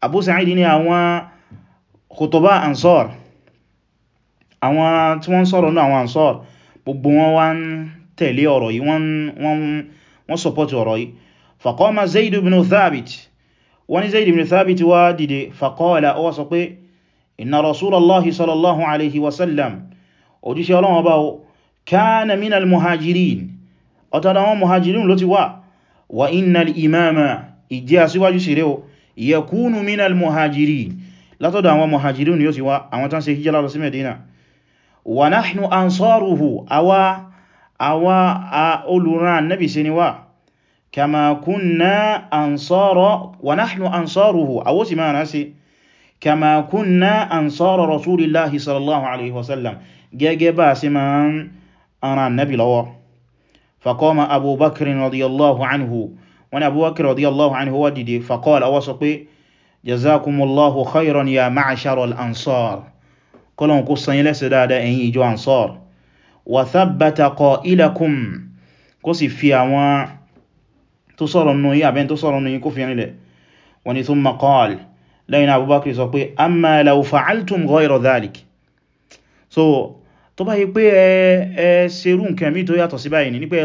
Abu Sa'id ní àwọn khutaba ansar àwọn tí wọ́n sọ̀rọ̀ náà àwọn Ansar gbogbo wọn wá ń tẹ̀lé ọ̀rọ̀ yìí wọ́n sọpọ̀tì ọ̀rọ̀ yìí faqama Zaid ibn Thabit wọ́n ni Zaid ibn Thabit wá dìde faqala ó wá sọ pé inna Rasulallahi sallallahu alaihi wasallam òjíṣẹ́ Ọlọ́run ọba o kana minal muhajirin ọ̀tọ̀dọ̀ àwọn muhajirin ló ti wà wa innal imama ìjẹ́ asíwájú sí látọ̀dọ̀ àwọn muhajirin ni ó ti wá àwọn tán ṣe hijira lọ sí Medina wa nahnu ansaruhu àwa àwa a olùran annabi sí ni wá kama kunna ansara wa nahnu ansaruhu àwọ́ sì máa rásí kama kunna ansara rasulillahi sallallahu alaihi wasallam gẹ́gẹ́ bá sí máa ń ara annabi lọ́wọ́ faqama abubakar radiyallahu anhu wani abubakar radiyallahu anhu wá dìde faqala wá sọ jazakumullahu khairan ya ma'ashar al-ansar kọlọ̀n kó sanyí lẹ́sẹ̀ dáadáa ẹ̀yin ìjọ ansar wa thabbata qailakum kó sì fi àwọn tó sọ̀rọ̀ nù yí àbẹ́ tó sọ̀rọ̀ nù yí kó fi rinlẹ̀ wọ́n ni thumma qal lẹ́yìn abubakar sọ pé amma law fa'altum ghayra dhalik so tó bá yí pé ẹ ṣerú nǹkan mí tó yàtọ̀ sí báyìí ní pé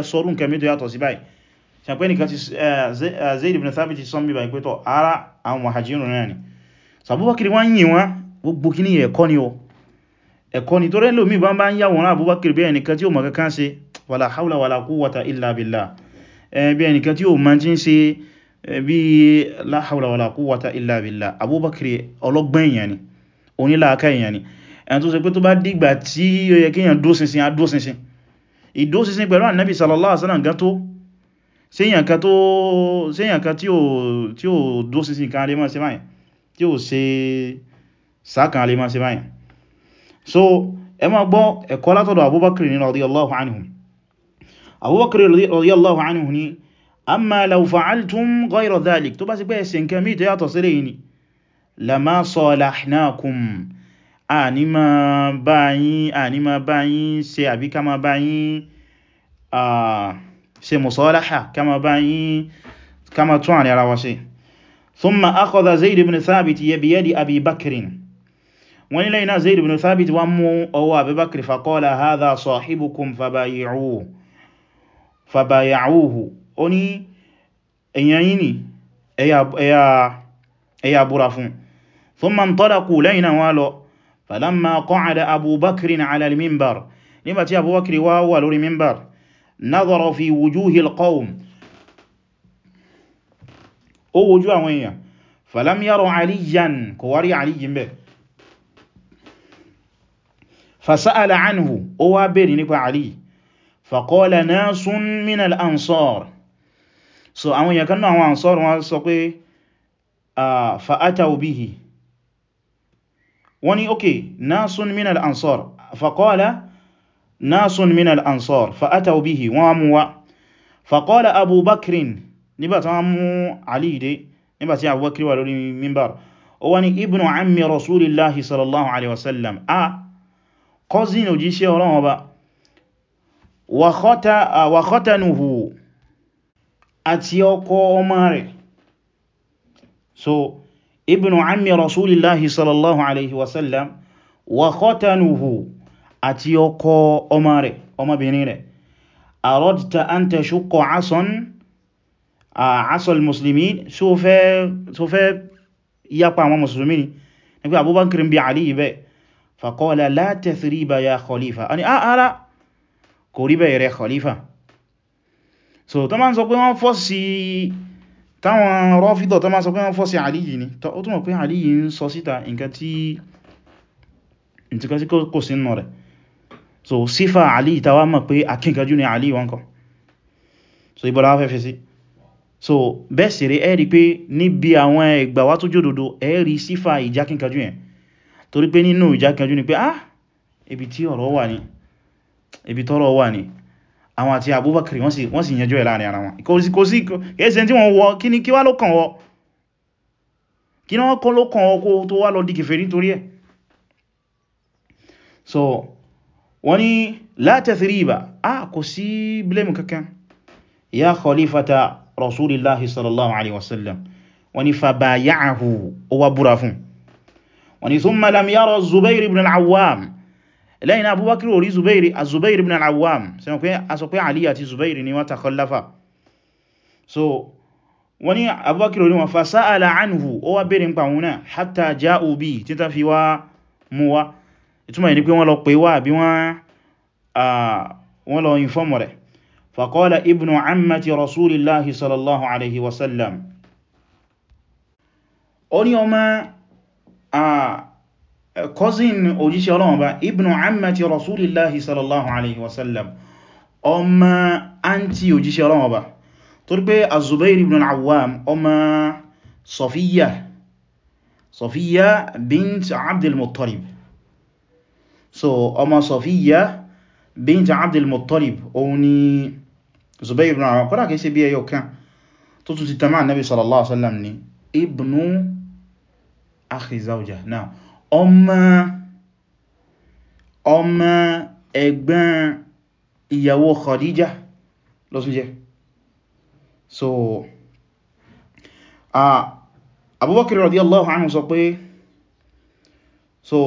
ni wọ́n yìn gbogbo kí ní ẹ̀kọ́ ni o ẹ̀kọ́ ni tó rẹ́ lómi bá ń bá ń yàwòrán Abubakar bí ẹnìkan tí ó mọ̀ kankan ṣe wàlá haúlà wàlá quwwata illa billah bí ẹnìkan tí ó mọ̀ tí ń ṣe bí la haúlà wàlá wata illa billah Abubakar ọlọ́gbọ́n èèyàn ni onílàáká èèyàn ni ẹni tó ṣe pé tó bá dìgbà tí ó yẹ kéèyàn dóṣinṣin á dóṣinṣin ìdóṣinṣin pẹ̀lú ànábì sallallahu alaihi wasallam gan tó séyàn kan tó séyàn kan tí ó tí ó dóṣinṣin kan lè so ẹ ma gbọ́ ẹ̀kọ́ látọ̀dọ̀ abubakar ni radiyallahu anhu abubakar radiyallahu anhu ni amma law fa'altum ghayra dhalik tó bá sì pé ṣe nǹkan mí tó yàtọ̀ sí rẹ̀ ni lama salahnakum àní ma bá yín àní ma bá yín ṣe àbí ká ma bá yín ṣe musalaha ká ma bá yín ká ma tún àní ara wa ṣe thumma akhadha zaid ibn thabit yadi abi bakrin wọ́n nílẹ̀ iná zaid ibn thabit wá mú ọwọ́ abubakar faqala hadha sahibukum fabaya'uhu ó ní èyàn yìí ni ẹ̀yà búra fún thumma intalaqu lẹ́yìn náà wá lọ falamma qa'ada abubakrin ala al-minbar nígbàtí abubakar wá wà lórí minbar nadhara fi wujuhil qawm ó wojú àwọn èèyàn falam yara aliyan kò wárí aliyin bẹ́ẹ̀ fasáàlá anhu ó wá bèèrè nípa àlì faqala nasun minal ansar so àwọn èèyàn kanú àwọn ansar wọ́n sọ pé fa'atau bihi wọ́n ni ok nasun minal ansar faqala nasun minal ansar fa'atau bihi wọ́n mú wa faqala abubakrin nígbàtí wọ́n mú àlì dé nígbàtí abubakri wà lórí mimbar ó cousin òjíṣẹ́ Ọlọ́run ọba wa khatanuhu àti ọkọ ọmọ rẹ̀ so ibnu ammi rasulillahi sallallahu alaihi wasallam wa khatanuhu àti ọkọ ọmọ rẹ̀ ọmọbìnrin rẹ̀ aradta an tashqa asan asal muslimin so fẹ́ yapa àwọn musulmi ni nígbà abubakar bí aliyu bẹ́ẹ̀ faqala la tathriba ya khalifa a ni a ah, ara ah, kò rí bẹ̀rẹ̀ khalifa so tó máa ń sọ pé wọ́n fọ́sí táwọn rọ́fídọ̀ tó máa ń sọ pé wọ́n fọ́sí àlìyí ni tó túnmọ̀ pé àlìyí ń sọ síta nǹkan tí nǹkan tí kò sí so sífà àlìyí tàwà mọ̀ pé akínkanjú ni àlìyí wọn so ibọ̀lá afẹ́fẹ́ so bẹ́ẹ̀ sì rí ẹ́rí pé níbi àwọn ẹgbàwá tó jòdòdó ẹ́rí sífà ìjákínkanjú yẹn torí pé nínú ìjákẹjú ni pé ah ibi tí ọ̀rọ̀ wà ní ibi tọ́rọ̀ wà ní àwọn àti Abubakar wọ́n sì yanjú ẹ̀ láàrin ara wọn kò sí ẹsẹ̀ tí wọ́n wọ kí ni kí wá ló kàn wọ́ kí ni wọ́n kọ́ ló kàn ọkọ̀ tó wá lọ di nítorí ẹ̀ so wọ́n ni la tathriba a ah, kò sí blame kankan ya khalifata rasulillahi sallallahu alaihi wasallam wọ́n ni fa baya'ahu ó wá búra fún wọ́n ni thumma lam yara zubair ibn al-awwam lẹ́yìn abubakar orí zubair azubair ibn al-awwam sọ pé a sọ pé ali àti zubair ni wọ́n takhallafa so wọ́n ni abubakar orí wọn fa sa'ala anhu ó wá bèèrè nípa wọn náà hatta ja'u bi fi wá mú wá ìtumọ̀ ní pé wọ́n lọ pè wá inform rẹ̀ faqala ibnu ammati rasulillahi sallallahu alaihi wasallam E, cousin òjíṣẹ́ Ọlọ́run bá ibnu ammati rasulillahi sallallahu alaihi wasallam ọmọ àǹtí òjíṣẹ́ Ọlọ́run bá torí pé az-Zubair ibn al-Awwam ọmọ Safiya Safiya bint Abdul Muttalib so ọmọ Safiya bint Abdul Muttalib òun ni Zubair ibn al kọ́lá kìí ṣe bí ẹyọ kan tó tún ti tamá akhi zawja náà ọmọ ọmọ ẹ̀gbọ́n ìyàwó Khadija ló tún jẹ́ so Abubakar radiyallahu anhu sọ pé so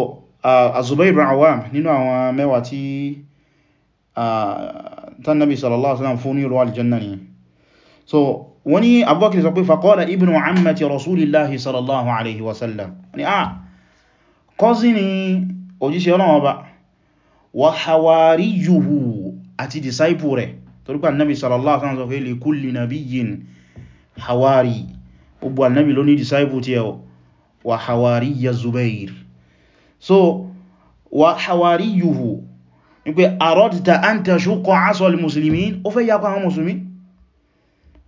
Az-Zubayr ibn Awam nínú àwọn mẹ́wàá tí tán Nabi sallallahu alaihi wasallam fún ní ìrọ̀ aljanna ni so wọ́n ní abúbákìrì sọ pé faqala ibnu ammati rasulillahi sallallahu alaihi wasallam ni a ah, kọ́sí ni òjíṣẹ́ ọlọ́wọ́ ba wa hawariyuhu àti disaipu rẹ̀ torípa annabi sallallahu alaihi wasallam sọ pé li kulli nabiyyin hawari gbogbo annabi ló ní disaipu tí yẹwọ wa hawariya zubair so wa hawariyuhu ni pé aradta an tashuqqa asal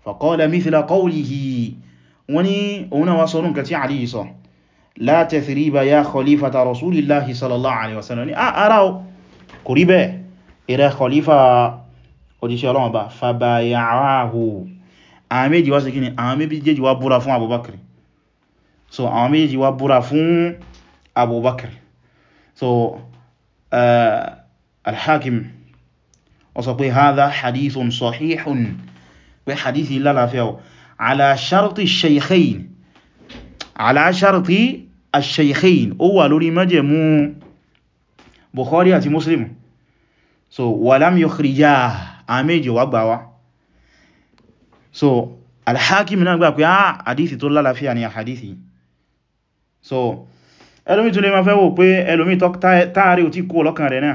فقال مثل قوله وني هنا وصلون كتي عليه صلى لا تثريب يا خليفة رسول الله صلى الله عليه وسلم وني يعني، آه، أراو قريبا إلى خليفة قدس الله فبايعاه أمي جي واسكين أمي جي وابورا فون أبو بكر so أمي جي وابورا فون أبو بكر so uh, الحاكم وصبي هذا حديث صحيح صحيح pé hadith yìí lálàáfíà o ala sharti shaykhayn ala sharti ash-shaykhayn ó wà lórí májẹ̀mú Bukhari àti Muslim so walam yukhrijah àmẹ́jì wà gbà so al-Hakim náà gbà pé á hadithi tó lálàáfíà ni a hadithi so ẹlòmí tún lè máa fẹ́ wò pé ẹlòmí tọ́ táàrí ò tí kó lọ́kàn rẹ̀ náà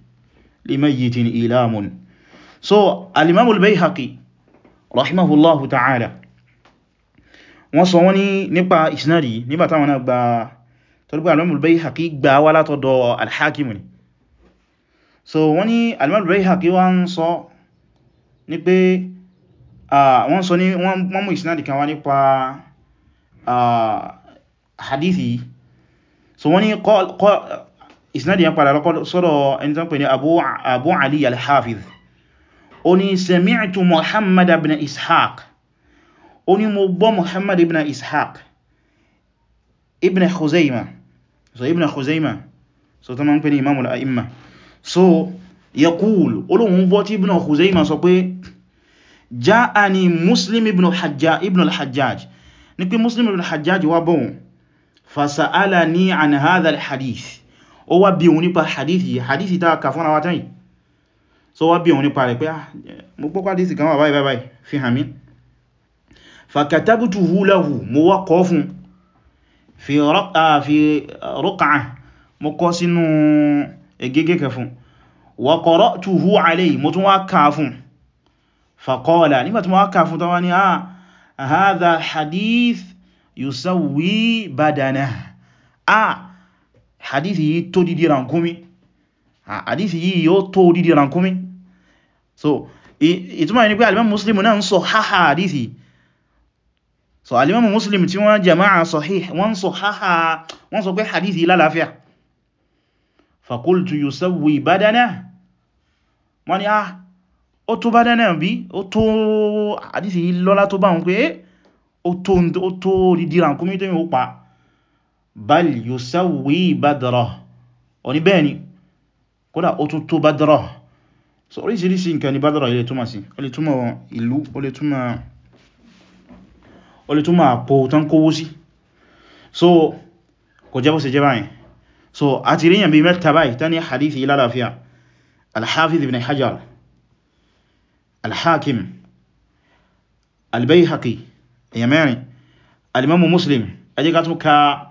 limayyitin ilamun so alimamul bayhaqi rahimahullahu ta'ala wọ́n sọ wọ́n ní nípa isnadi nígbàtà wọn gba torípé alimamul bayhaqi gba wá látọ̀dọ̀ alhakimu ni so wọ́n ní alimamul bayhaqi wọ́n sọ ní pé wọ́n sọ ní wọ́n mú isnadi kan wá nípa hadithi so wọ́n ní isnadi yan padà sọ́dọ̀ ẹni tán pè ní abu ali al-hafiz ó ní sami'tu muhammad ibn ishaq ó ní mo gbọ́ muhammad ibn ishaq ibn khuzaima so ibn khuzaima so tó ma ń pè ní imamul a'imma so yaqul olóhun gbọ́ tí ibn khuzaima sọ pé ja'ani muslim ibn al-hajjaj ní pé muslim ibn al-hajjaj wá bọ̀ fasa'ala ni an hadha al-hadith ó wá bí òun nípa hadithi hadithi tá kà fún àwọn tẹ́yìn so wá bí òun nípa rẹ̀ pé ah, mo gbọ́ hadithi kan wà báyìí báyìí fi hàn mí fakatabtuhu lahu mo wá kọ́ fún fi rọ́kàá mo kọ́ sínú egége kẹ fún wa qara'tuhu alayhi mo tún wá kà fún faqala nígbàtí mo wá kà fún tọ́wá ní hadha ah, hadith yusawwi badana ah hadithi yìí tó dídí rankumi hadithi yìí yóò tó dídí rankumi so ìtumọ̀ ní pé alimam muslim náà ń sọ haha hadithi so alimam muslim tí wọ́n jama'a sahih wọ́n ha, haha wọ́n sọ pé hadithi lálàáfíà fakultu yusawwi badana wọ́n ni ah ó tó badana bí ó tó hadithi lọ́lá tó bá ń pé ó tó dídí rankumi tó yíò pa bal yusawwi badrah oní bẹ́ẹ̀ni kódà ó tún tó badrah so oríṣiríṣi nǹkan ni badrah ilé túnmà sí ó lè túnmà ìlú ó lè túnmà àpò tán kówó sí so kò jẹ́ bó ṣe jẹ́ báyìí so a ti ríyàn bí mẹ́ta báyìí tán ní hadithi lálàáfíà al-Hafiz ibn Hajar al-Hakim al-Bayhaqi èyàn mẹ́rin al Muslim ẹjẹ́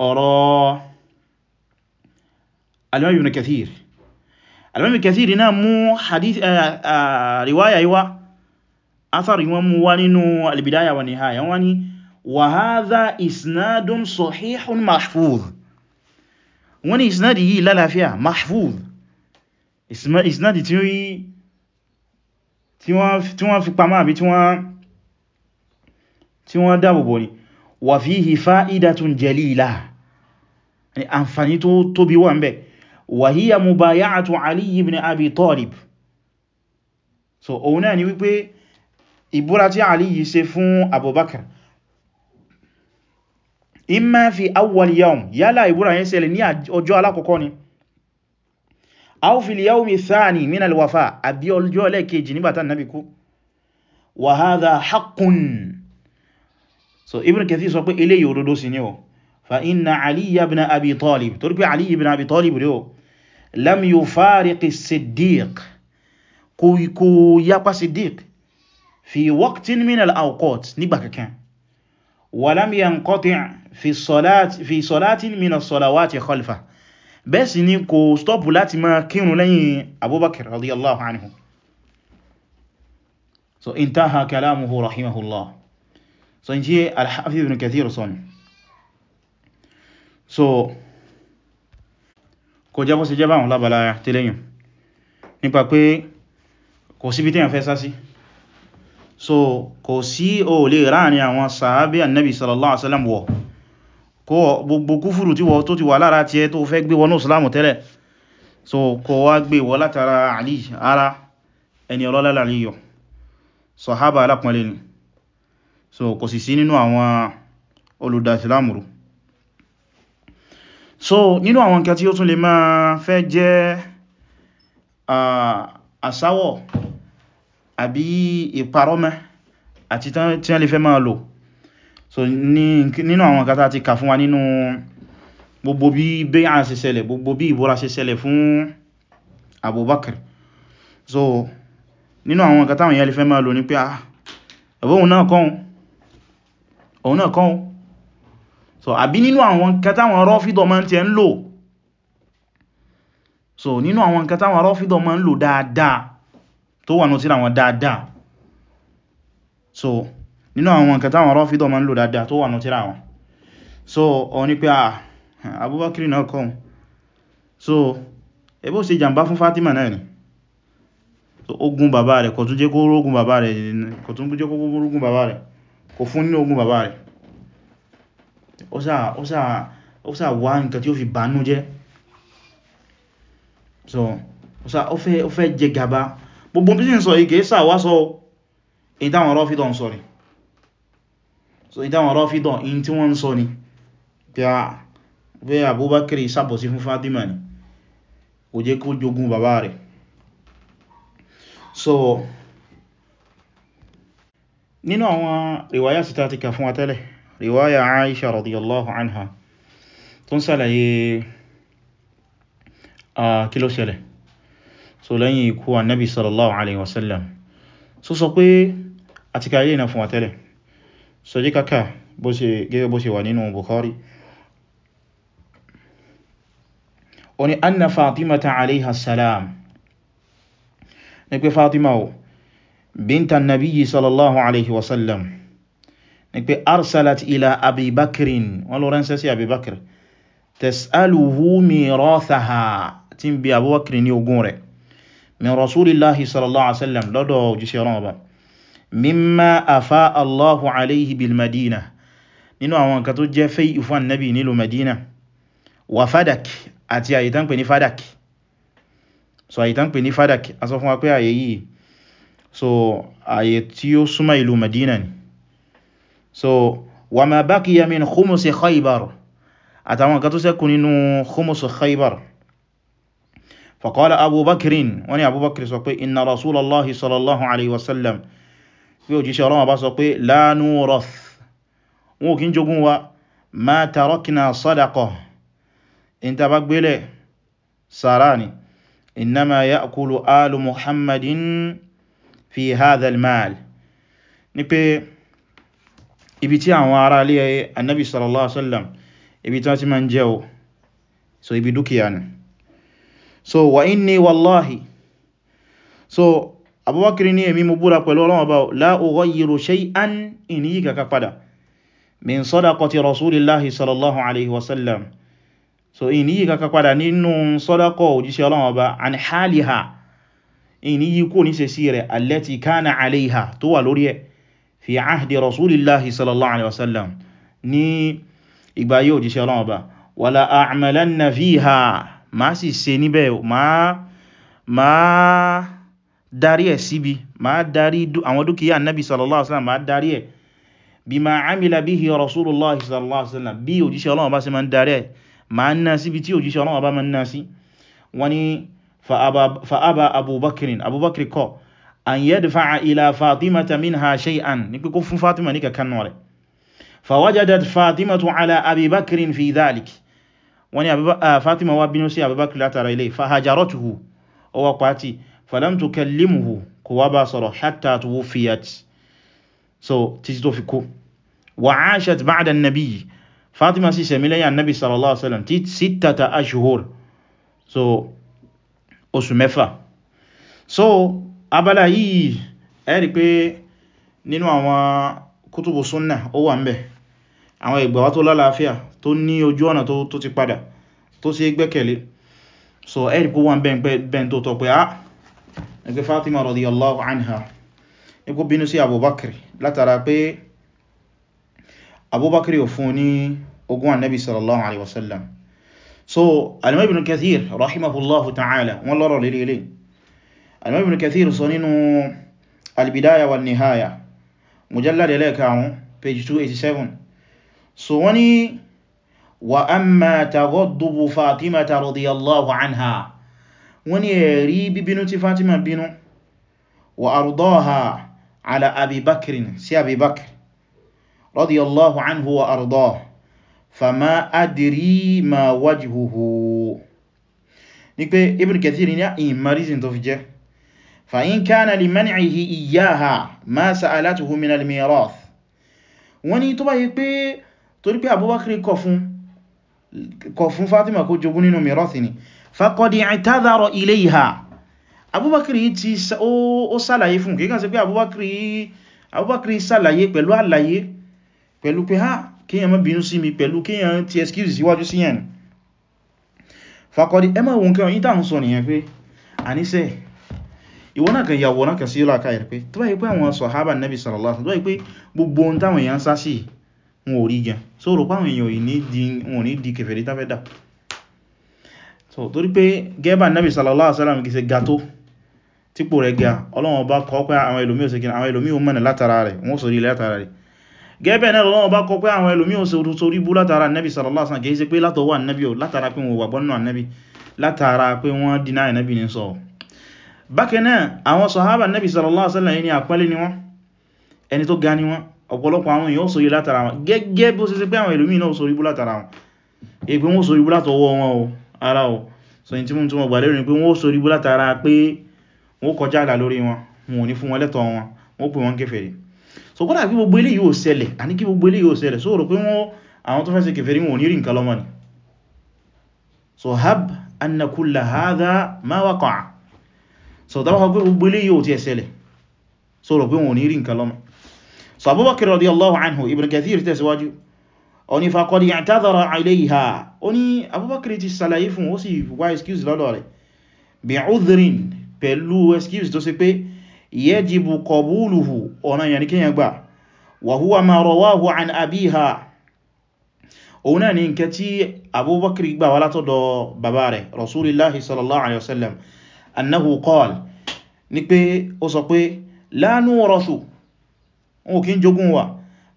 أرى الإمام ابن كثير الإمام ابن كثير نامو حديث آآ آه، آآ آه، رواية أيوة أثر إمام وانين البداية ونهاية واني وهذا إسناد صحيح محفوظ واني إسنادي لا لا فيها محفوظ إسنادي تيوي tí wọ́n fi pàmà àbí tí wọ́n dábòbò ni wa fihi fa'idatun jalila ni àǹfààní tó tóbi wà ńbẹ̀ wa hiya mubaya'atu ali ibn abi talib so òun náà ni wípé ìbúra tí ali yìí ṣe fún abubakar imma fi awwal yawm yálà ìbúra yẹn ṣẹlẹ̀ ní ọjọ́ alákọ̀ọ́kọ́ ni aw fil yawmi thani min alwafa àbí ọjọ́ ẹlẹ́ẹ̀kejì nígbàtà nàbí wa hadha haqqun so Ibn Kathir sọ pé eléyìí òdodo sí ni o fa inna Ali ibn Abi Talib torí pé Ali ibn Abi Talib rí o lam yufariqi Siddiq kò yapa Siddiq fi waqtin min al-awqat nígbà kankan wa lam yanqati' fi salati fi salatin min as-salawati khalfa bẹ́ẹ̀ sì ni kò stọ́pù láti máa kírun lẹ́yìn Abubakar radiyallahu anhu so intaha kalamuhu rahimahullah so n ṣe al-Hafiz ibn Kathir sọ ni so kò jẹ́ bó ṣe jẹ́ báwọn lábàlára tẹ́lẹ̀yìn nípa pé kò sí bí tẹ́yàn fẹ́ sá sí so kò sí o lè ráàrin àwọn sàábé annabi sallallahu alaihi wasallam wọ kó gbogbo kúfùrù tí wọ́n tó ti wà lára tí ẹ tó fẹ́ gbé wọnú islamu tẹ́lẹ̀ so kó wá gbé wọ látara àlì ara ẹni ọlọ́lá lálíyọ sàhábà alápọ̀lẹ́ ni so kò sì sí nínú àwọn olùdá Islam so nínú àwọn nǹkan tí ó tún lè máa fẹ́ jẹ́ àsáwọ̀ àbí ìparọ́mẹ́ àti tí wọ́n lè fẹ́ máa lò so nínú àwọn nǹkan tí kà fún wa nínú gbogbo bí bẹ́yà ṣe ṣẹlẹ̀ gbogbo bí ìbúra ṣe ṣẹlẹ̀ fún Abubakar so nínú àwọn nǹkan táwọn èèyàn lè fẹ́ máa lò ní pé ah, àbóhun náà kọ́hun òun náà kọ́ so àbí nínú àwọn kẹtàwọn rọ́fídọ̀ ma ń tẹ́ ń lò so nínú àwọn kẹtàwọn rọ́fídọ̀ ma ń lò dáadáa tó wà nótí àwọn dáadáa so nínú àwọn kẹtàwọn rọ́fídọ̀ ma ń lò dáadáa tó wà nótí àwọn so ó ní pé ah, Abubakar náà kọ́ so ẹbí ó ṣe jàmbá fún Fatima náà ni so ogun bàbá rẹ̀ kò tún jẹ́ kó rógun bàbá rẹ̀ kò fún ní ogún bàbá rẹ̀ ó sà wá nǹkan tí ó fi bánú jẹ́ so ó fẹ́ jẹ gàba gbogbo bí sí ń sọ ike sà wá sọ ìdáwọn rọ́fídọ̀ ń sọ ni so ìdáwọn rọ́fídọ̀ in tí wọ́n ń sọ ni pé àbúbákiri sàbọ̀sí fún Fátímà ni kò jẹ́ kó jogún bàbá rẹ̀ so nínú àwọn riwaya sí ta ti kà fún wa tẹ́lẹ̀ riwaya Aisha radiyallahu anha tó ń sàlàyé a kí ló ṣẹlẹ̀ so lẹ́yìn ikú annabi sallallahu alaihi wasallam so sọ pé àti kàyé ìna fún wa tẹ́lẹ̀ so jí kaka gẹ́gẹ́ bó ṣe wà nínú Bukhari ó ní anna Fatimata alaiha salam ní pé Fatima o بنت النبي صلى الله عليه وسلم نكبي أرسلت إلى أبي بكر ولو رنسسي أبي بكر تسأله ميراثها تنبي أبو بكر نيوغوري من رسول الله صلى الله عليه وسلم لدو جسيرابا مما أفاء الله عليه بالمدينة nínú àwọn nǹkan tó jẹ́ fẹ́ ìfún annabi nílùú Medina wà fadak àti àyíká ń pè ní fadak so àyíká ń pè ní fadak a sọ fún wa pé àyè yìí so ààyè tí ó súnmọ́ ìlú Medina ni so wa ma baqiya min khumusi Khaybar àtàwọn nǹkan tó ṣẹ́kù nínú khumusi Khaybar faqala Abu Bakrin wọ́n ni Abu Bakr sọ pé inna Rasulallahi sallallahu alaihi wasallam pé òjíṣẹ́ Ọlọ́run bá sọ pé la nurath wọn ò kí ń jogún wa ma tarakna sadaqah in ta bá gbélẹ̀ sàrá ni innama ya'kulu alu Muhammadin fi hadha al-mal ní pé ibi tí àwọn ará ilé annabi sallallahu alaihi wasallam ibi tí wọ́n ti máa ń jẹ o so ibi dúkìá ni so wa inni wallahi so abubakar ní èmi mo búra pẹ̀lú Ọlọ́run Ọba la ughayyiru shay'an in yi kaka padà min sadaqati rasulillahi sallallahu alaihi wasallam so in yi kaka padà nínú sadaqa òjíṣẹ́ Ọlọ́run Ọba an haliha ìní yí kò ní ṣe sí rẹ̀ allati kana alayha tó wà lórí ẹ̀ fi ahdi rasulillahi sallallahu alaihi wasallam ní ìgbà yóò jíṣẹ́ ọlọ́wọ́ ba wala a'malanna fiha ma sì ṣe níbẹ̀ ma darí ẹ̀ síbi ma darí àwọn dúkìá annabi sallallahu alaihi wasallam ma darí ẹ̀ bima amila bihi rasulullahi sallallahu alaihi wasallam bí ma ń darí fa'aba abubakirin abubakir kọ̀ an yadfa'a ila fatimata minha shay'an ní kíkó fún fatima ní kankan rẹ̀ fawajadat fatimatu ala abubakirin fi dhalik wani ah, fatima wa bínú sí abubakir látara ilé fahajaratuhu o wa kwati falam tukallimuhu kò wá bá sọ̀rọ̀ hatta tuwufiyat so títí tó fi kú wa 'ashat ba'da an-nabi fatima sì ṣẹ̀mí lẹ́yìn annabi sallallahu alaihi wasallam sittata ashhur so oṣù mẹ́fà so abala yìí ẹ rí pé nínú àwọn kútùbù súnnà ó wà ń bẹ̀ àwọn ìgbàwá tó lálàáfíà tó ní ojú ọ̀nà tó ti padà tó sì gbẹ́kẹ̀lé so ẹ rí pé wọ́n bẹ́ẹ̀ tó tọ́ pé á ah! ẹgbẹ́ Fatima radiyallahu anha ipò bínú sí Abubakar látara pé Abubakar ò fún ní ogún annabi sallallahu alaihi wasallam so alimọ́ ibn kathir rahimahullahu ta'ala wọ́n lọ́rọ̀ lè lè alimọ́ ibn kathir sọ nínú albidaya wa nihaya mujallad ẹlẹ́karùn page 287 so wani wa amma taghaddubu fatimata radiyallahu anha wani ni ẹ̀rí bíbínú tí fatima bínú wa ardaha ala abi bakrin sí abi bakr radiyallahu anhu wa ardaha fama adìrí ma wajhuhu ní pé Ibn Kathir ní ìmá reason tó fi jẹ́ fa in kana li man'ihi iyyaha ma sa'alatuhu min al-mirath wọ́n ní tó bá yí pé torí pé Abubakar kọ̀ fún kọ̀ fún Fatima kó jogún nínú mirath ni faqad i'tadhara ilayha Abubakar ti ó sàlàyé fún kíkàn sí pé Abubakar sàlàyé pẹ̀lú àlàyé pẹ̀lú pé ha kíyàn má bínú sí mi pẹ̀lú kíyàn ti excuse síwájú sí yẹn fakọ̀dí ẹ má wọn kẹwọn ìtàn sọ nìyẹn pé àníṣẹ́ ìwọ náà kan yàwó náà kan sí ìlà káyẹ̀ pé tó bá yí pé àwọn sọ̀hábà nẹ́bí sallallahu alaihi tó yí pé gbogbo ohun táwọn èèyàn sá sí wọn ò rí gan so rò páwọn èèyàn wọn ní di kèfèrí tafẹ́ dà so torí pé gẹ́bà nẹ́bí sallallahu alaihi wasallam kìí ṣe gato típò rẹ̀ ga ọlọ́wọ́n bá kọ́ pé àwọn ẹlòmí ò mọ̀nà látara rẹ̀ wọ́n sọ rí látara rẹ̀ gẹ́bẹ̀ náà lọ́wọ́ bá kọ pé àwọn ẹlòmí ò sórí bú látara nẹ́bí sallallahu alaihi wasallam kìí ṣe pé látọwọ́ nẹ́bí ò látara pé wọ́n wàgbọ́n náà nẹ́bí látara pé wọ́n dínà nẹ́bí ní sọ bákan náà àwọn sọ̀hábà nẹ́bí sallallahu alaihi wasallam ni àpẹẹlẹ ni wọ́n ẹni tó ga ni wọ́n ọ̀pọ̀lọpọ̀ àwọn èèyàn sórí látara wọn gẹ́gẹ́ bó ṣe ṣe pé àwọn ẹlòmí náà sórí bú látara wọn èpè wọn sórí bú látọwọ́ wọn o ara o so in tí mú so kódà kí gbogbo eléyìí ò ṣẹlẹ̀ àní kí gbogbo eléyìí ò ṣẹlẹ̀ so rò pé wọ́n àwọn tó fẹ́ ṣe kèfèrí wọn ò ní rí nǹkan lọ́mọ ni so hab anna kulla hadha ma waqa'a so ta wọ́n pé gbogbo eléyìí ò ti ṣẹlẹ̀ so rò pé wọn ò ní rí nǹkan lọ́mọ so abubakar radiyallahu anhu ibn kathir tẹ̀síwájú ó ní faqad i'tadhara alayha ó ní abubakar ti ṣàlàyé fún ó sì wá excuse lọ́dọ̀ rẹ̀ bi'udhrin pẹ̀lú excuse tó ṣe pé yajibu qabuluhu ọ̀nà yẹn kí yẹn gbà wa huwa ma rawahu an abiha òun náà ni nkẹ tí abubakar gbà wá látọ̀dọ̀ bàbá rẹ̀ rasulillahi sallallahu alaihi wasallam annahu qala ní pé ó sọ pé la nurathu wọn kí ń jogún wa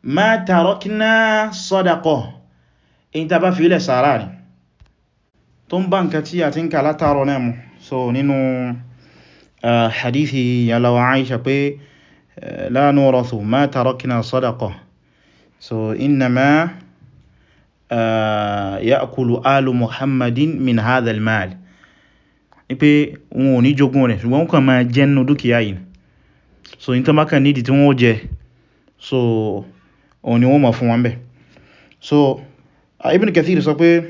ma tarakna sadaqah èyí tàbá so nínú hadithi yàlá wa aisha pé la nurathu ma tarakna sadaqah so innama ya'kulu alu muhammadin min hadha al ipe wọn ò ní jogún rẹ̀ ṣùgbọ́n kan máa jẹ́nu dúkìá yìí so in tó bá kàn nídìí tí wọ́n jẹ so òun ni wọ́n máa fún wọn bẹ̀ so ibn kathir sọ pé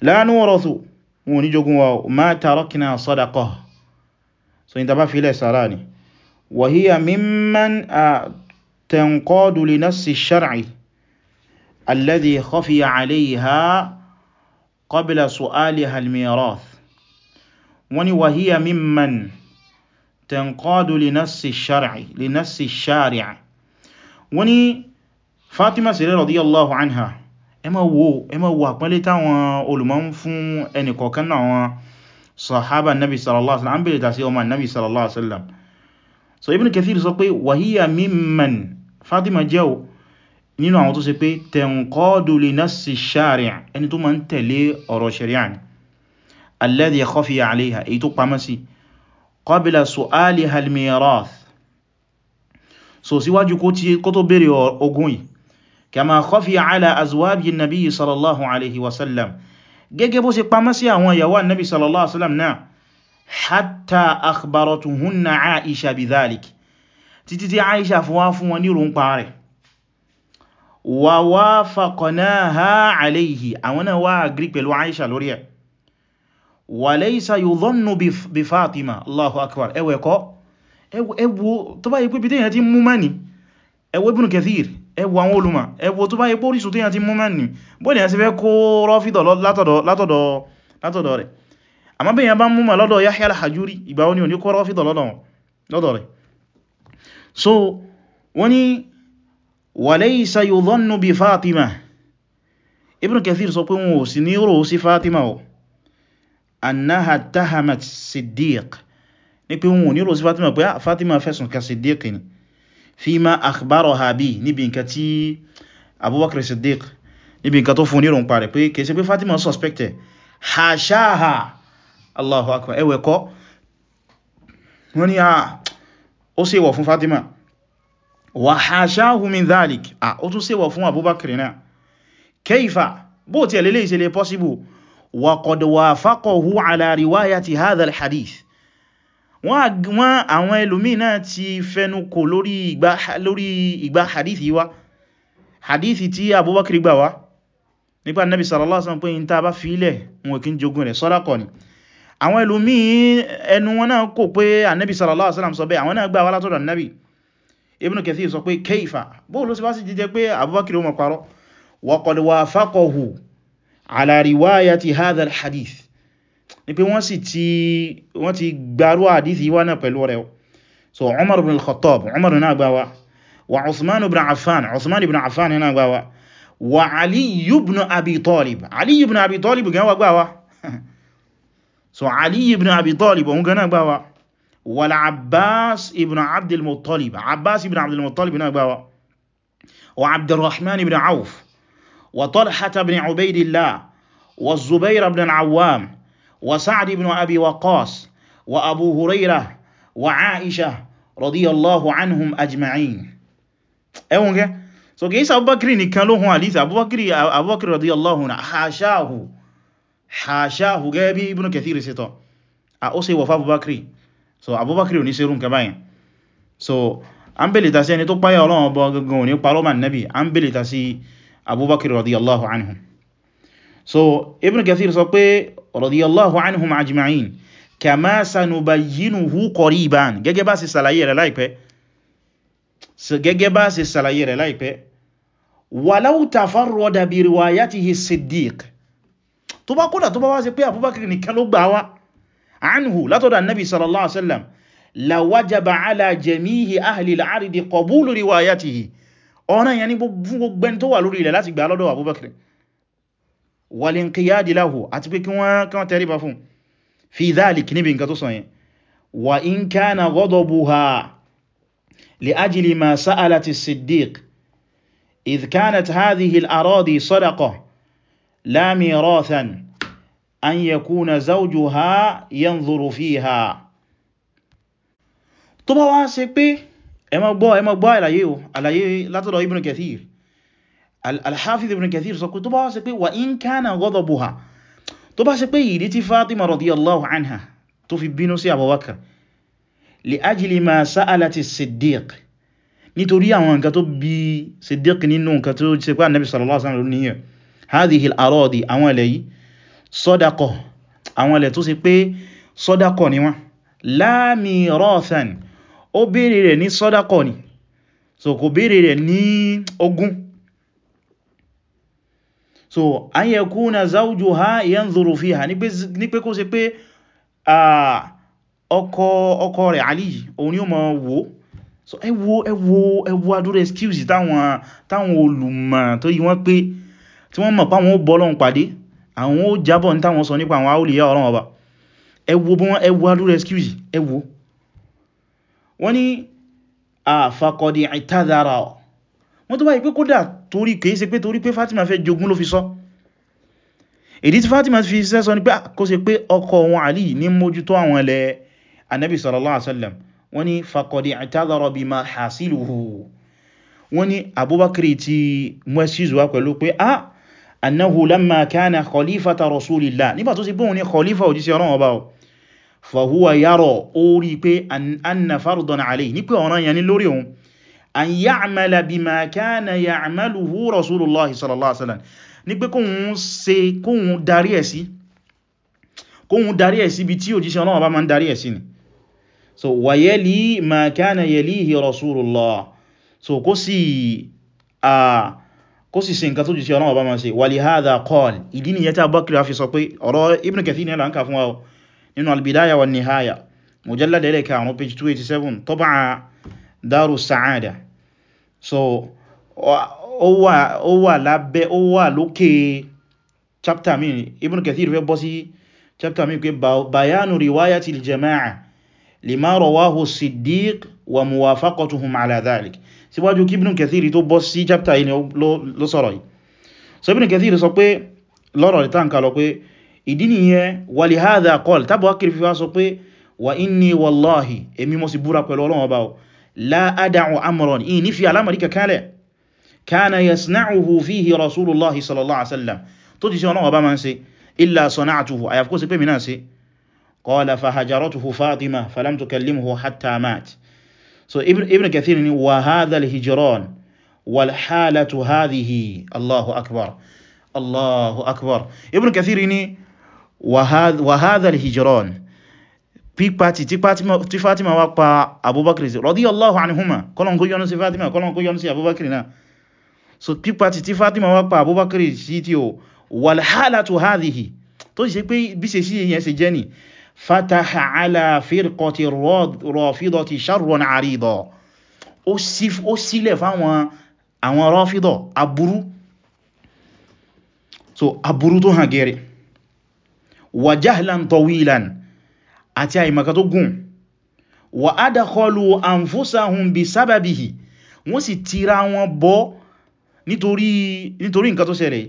la nurathu wọn ò ní jogún wa ma tarakna sadaqah so in ta bá filẹ̀ sàárà ni wa hiya mimman tanqadu li nassi shar'i alladhi khafiya alayha qabla su'aliha al-mirath wọ́n ni wa hiya mimman tanqadu li nassi shar'i li nassi shari'a wọ́n ni Fatima Sirri radiyallahu anha ẹ wo ẹ wo àpẹẹlẹ táwọn olùmọ̀ fún ẹnìkọ̀ọ̀kan náà wọn sọ̀hábà nabi sallallahu alaihi wasallam bèèrè tàṣí ọmọ nabi sallallahu alaihi wasallam so ibn kathir sọ pé wàhíyà mimman fatima jẹ́ nínú àwọn tó ṣe pé tẹ̀ǹkọ́dù li nassi shari'a ẹni tó máa ń tẹ̀lé ọ̀rọ̀ shari'a ni alladhi khafiya alayha èyí tó pamọ́ sí qabla su'aliha al-mirath so síwájú kó tó bèèrè ogún yìí kama khafiya ala azwaji nabi sallallahu alaihi wasallam gẹ́gẹ́ bó ṣe pamọ́ sí àwọn ìyàwó annabi sallallahu alaihi wasallam náà hatta akhbaratuhunna aisha bidhalik títí tí aisha fọwá fún wọn ní rúnpa rẹ̀ wa wafaqnaha alayhi àwọn náà wá agrí pẹ̀lú aisha lórí ẹ̀ wa laysa yudhannu bi fatima allahu akbar ẹwẹ̀kọ́ ẹwọ tó bá yí pé bí tẹ́yìn ti mú mani ẹwọ ibn kathir ẹwọ àwọn olùmọ̀ ẹwọ tó bá yẹ pórísù tó yàn ti mú mẹ́rin bóòlì yàn sí fẹ́ kó rọ́fídọ̀ látọ̀dọ̀ rẹ̀ àmọ́ bí yàn bá mú mà lọ́dọ̀ Yahya al-Hajuri ìgbà wọn ni òní kó rọ́fídọ̀ lọ́dọ̀ rẹ̀ so wọ́n ni walaysa yudhannu bi Fatima Ibn Kathir sọ pé wọn ò sí ní rò sí Fatima o annaha tahamat fima akhbaraha bí níbi nǹkan tí abubakar siddiq níbi nǹkan tó fún nírùn parẹ̀ pé kèsí pé fatima suspected hashaha allahu akbar ẹwẹ̀ kọ́ wọ́n ni a ah, ó ṣèwọ̀ fún fatima wa hashahu min dhalik a ah, ó tún ṣèwọ̀ fún abubakar náà kayfa bó ti ẹ̀lẹ́lẹ́ ìṣẹ̀lẹ̀ possible wa qad wafaqahu ala riwayati hadha hadith wọ́n àwọn ẹlòmí náà ti fẹnukò lórí ìgbà hadithi wa hadithi tí abubakar gbà wá nípa nabi sallallahu alaihi wasallam pé in ta bá fílẹ̀ wọn kí n jogun rẹ̀ sọ́dakọ̀ ni àwọn ẹlòmí ẹnu wọn náà kò pé annabi sallallahu alaihi ní pé wọ́n sì ti wọ́n ti gbarú yi wá na pẹ̀lú rẹ̀ o so Umar ibn al-Khattab Umar na gbà wá wa Uthman ibn Affan usman ibn Affan na gbà wá wa Ali ibn Abi Talib Ali ibn Abi Talib gan wá gbà wá so Ali ibn Abi Talib won gan na gbà wá al-abbas ibn abd al-muttalib Abbas ibn Abd al-Muttalib Abbas ibn Abd al-Muttalib na gbà wá wa rahman ibn Auf wa Talha ibn Ubaydillah wa Zubayr ibn al-Awwam وسعد بن أبي وقاص وأبو هريرة وعائشة رضي الله عنهم أجمعين ẹwọn gẹ́ so kìí sí abubakiri nìkan ló hun àlìsì abubakiri abubakiri radiyallahu na haṣáhù haṣáhù gẹ́gẹ́ bí ibn kathir sítọ̀ a ó sì wọ̀fà abubakiri so abubakiri ò ní sí rúnkẹ báyìí so an bèlè ta sí ẹni tó páyà ọlọ́run ọba gangan ní paloma nabi an bèlè ta sí abubakiri radiyallahu anhu so ibn kathir sọ pé radiyallahu anhum ajma'in kama sanubayyinuhu qariban gẹ́gẹ́ bá ṣe ṣàlàyé rẹ̀ láìpẹ́ gẹ́gẹ́ bá ṣe ṣàlàyé rẹ̀ láìpẹ́ walau tafarrada bi riwayatihi siddiq tó bá kódà tó bá wá sí pé Abubakar nìkan ló gbà wá anhu látọ̀dọ̀ annabi sallallahu alaihi wasallam la wajaba ala jamihi ahli al-ardi qabulu riwayatihi ọ̀nà yẹn ni gbogbo ẹni tó wà lórí ilẹ̀ láti gbà Abubakar والانقياد له اتبي كان كان تريبا فون في ذلك نبي نكان توسون وان كان غضبها لاجل ما سالت الصديق اذ كانت هذه الاراضي صدقه لا ميراثا ان يكون زوجها ينظر فيها طبعا bá wá ń se pé ẹmọ́gbọ́ ẹmọ́gbọ́ àìlàyé o àìlàyé látọ̀dọ̀ ibùn kẹfìr al-Hafiz ibn Kathir sọ pé tó bá ṣe pé wa in kana ghadabuha tó bá ṣe pé ìdí tí Fatima radiyallahu anha tó fi bínú sí Abubakar li ajli ma sa'alati Siddiq nítorí àwọn nǹkan tó bí Siddiq nínú nǹkan tó ṣe pé Annabi sallallahu alaihi wasallam ní sadaqa so an yakuna zawjuha yanzuru fiha ní pé kó ṣe pé ọkọ rẹ̀ Ali òun ni ó máa so ẹ wò ẹ wò ẹ wò adúrú excuse táwọn táwọn olùmọ̀ tó yí wọ́n pé tí wọ́n mọ̀ páwọn ó bọ́lọ́n pàdé àwọn ó jábọ̀ ní táwọn sọ nípa àwọn awliya Ọlọ́run Ọba ẹ wò bí wọ́n wọ́n tó báyìí pé kódà torí kìí ṣe pé torí pé Fatima fẹ́ jogún ló fi sọ ìdí tí Fatima fi ṣe sọ ni pé ah, kó ṣe pé ọkọ wọn Ali ní mójútó àwọn ilẹ̀ Ànábì sallallahu alaihi wasallam wọ́n ní faqad i'tadhara bima hasiluhu wọ́n ní Abubakar ti mwesizu wa pẹ̀lú pé a ah, annahu lamma kana khalifata rasulillah nígbà tó sì bóhun ní khalifa òjíṣẹ́ Ọlọ́run ọba ni an ya'mala bima kana ya'maluhu rasulullahi sallallahu alaihi wasallam ní pé kóhun ṣe kóhun darí ẹ̀ sí kóhun darí ẹ̀ sí bí tí òjíṣẹ́ Ọlọ́run bá ma ń darí ẹ̀ sí ni so wa yali ma kana yalihi rasulullah so kó sì a kó sì ṣe nǹkan tó jíṣẹ́ Ọlọ́run bá ma ṣe wa li hadha qal ìdí ni yẹta Bakr fi sọ pé ọ̀rọ̀ Ibn Kathir ní ẹ̀lá ń kà wa nínú al-Bidaya wan-Nihaya mujallad ẹlẹ́kà àwọn page 287 tọ́bàá daru sa'ada so ó wà lábẹ́ ó wà lókè chapter mi Ibn Kathir fẹ́ bọ́ sí chapter mi pé bayanu riwayati al-jama'a lima rawahu siddiq wa muwafaqatuhum ala dhalik síwájú kí Ibn Kathir tó bọ́ sí chapter yìí ló sọ̀rọ̀ yìí so Ibn Kathir sọ pé lọ́rọ̀ ìtànkà lọ pé ìdí nìyẹn wa li hadha qala tàbí wákìrì fi wá sọ pé wa inni wallahi èmi mo sì búra pẹ̀lú Ọlọ́run ọba لا أدع أمرا إيه نفي على أمريكا كالي كان يصنعه فيه رسول الله صلى الله عليه وسلم تجي سيونا وبما نسي إلا صنعته أي أفكوس بمي ناسي قال فهجرته فاطمة فلم تكلمه حتى مات so ابن, ابن كثير وهذا الهجران والحالة هذه الله أكبر الله أكبر ابن كثير وهذا, وهذا الهجران pípa tí tí Fatima wá pa Abubakar sí radiyallahu anhuma kọ́lọ̀n kó yọ́nú sí Fatima kọ́lọ̀n kó yọ́nú sí Abubakar náà so pípa tí tí Fatima wá pa Abubakar sí tí ó walhalatu hadhihi tó sì ṣe pé bí ṣe sí èyàn ṣe jẹ́ ni fataha ala firqati rafidati sharran arida ó sílẹ̀ fáwọn àwọn rafida aburú so aburú tó hàn gẹ̀rẹ̀ wa jahlan tawilan àti àìmọ̀kan tó gùn wà adakhalu anfusahum bisababihi wọ́n sì tira wọn bọ́ nítorí nítorí nǹkan tó ṣẹlẹ̀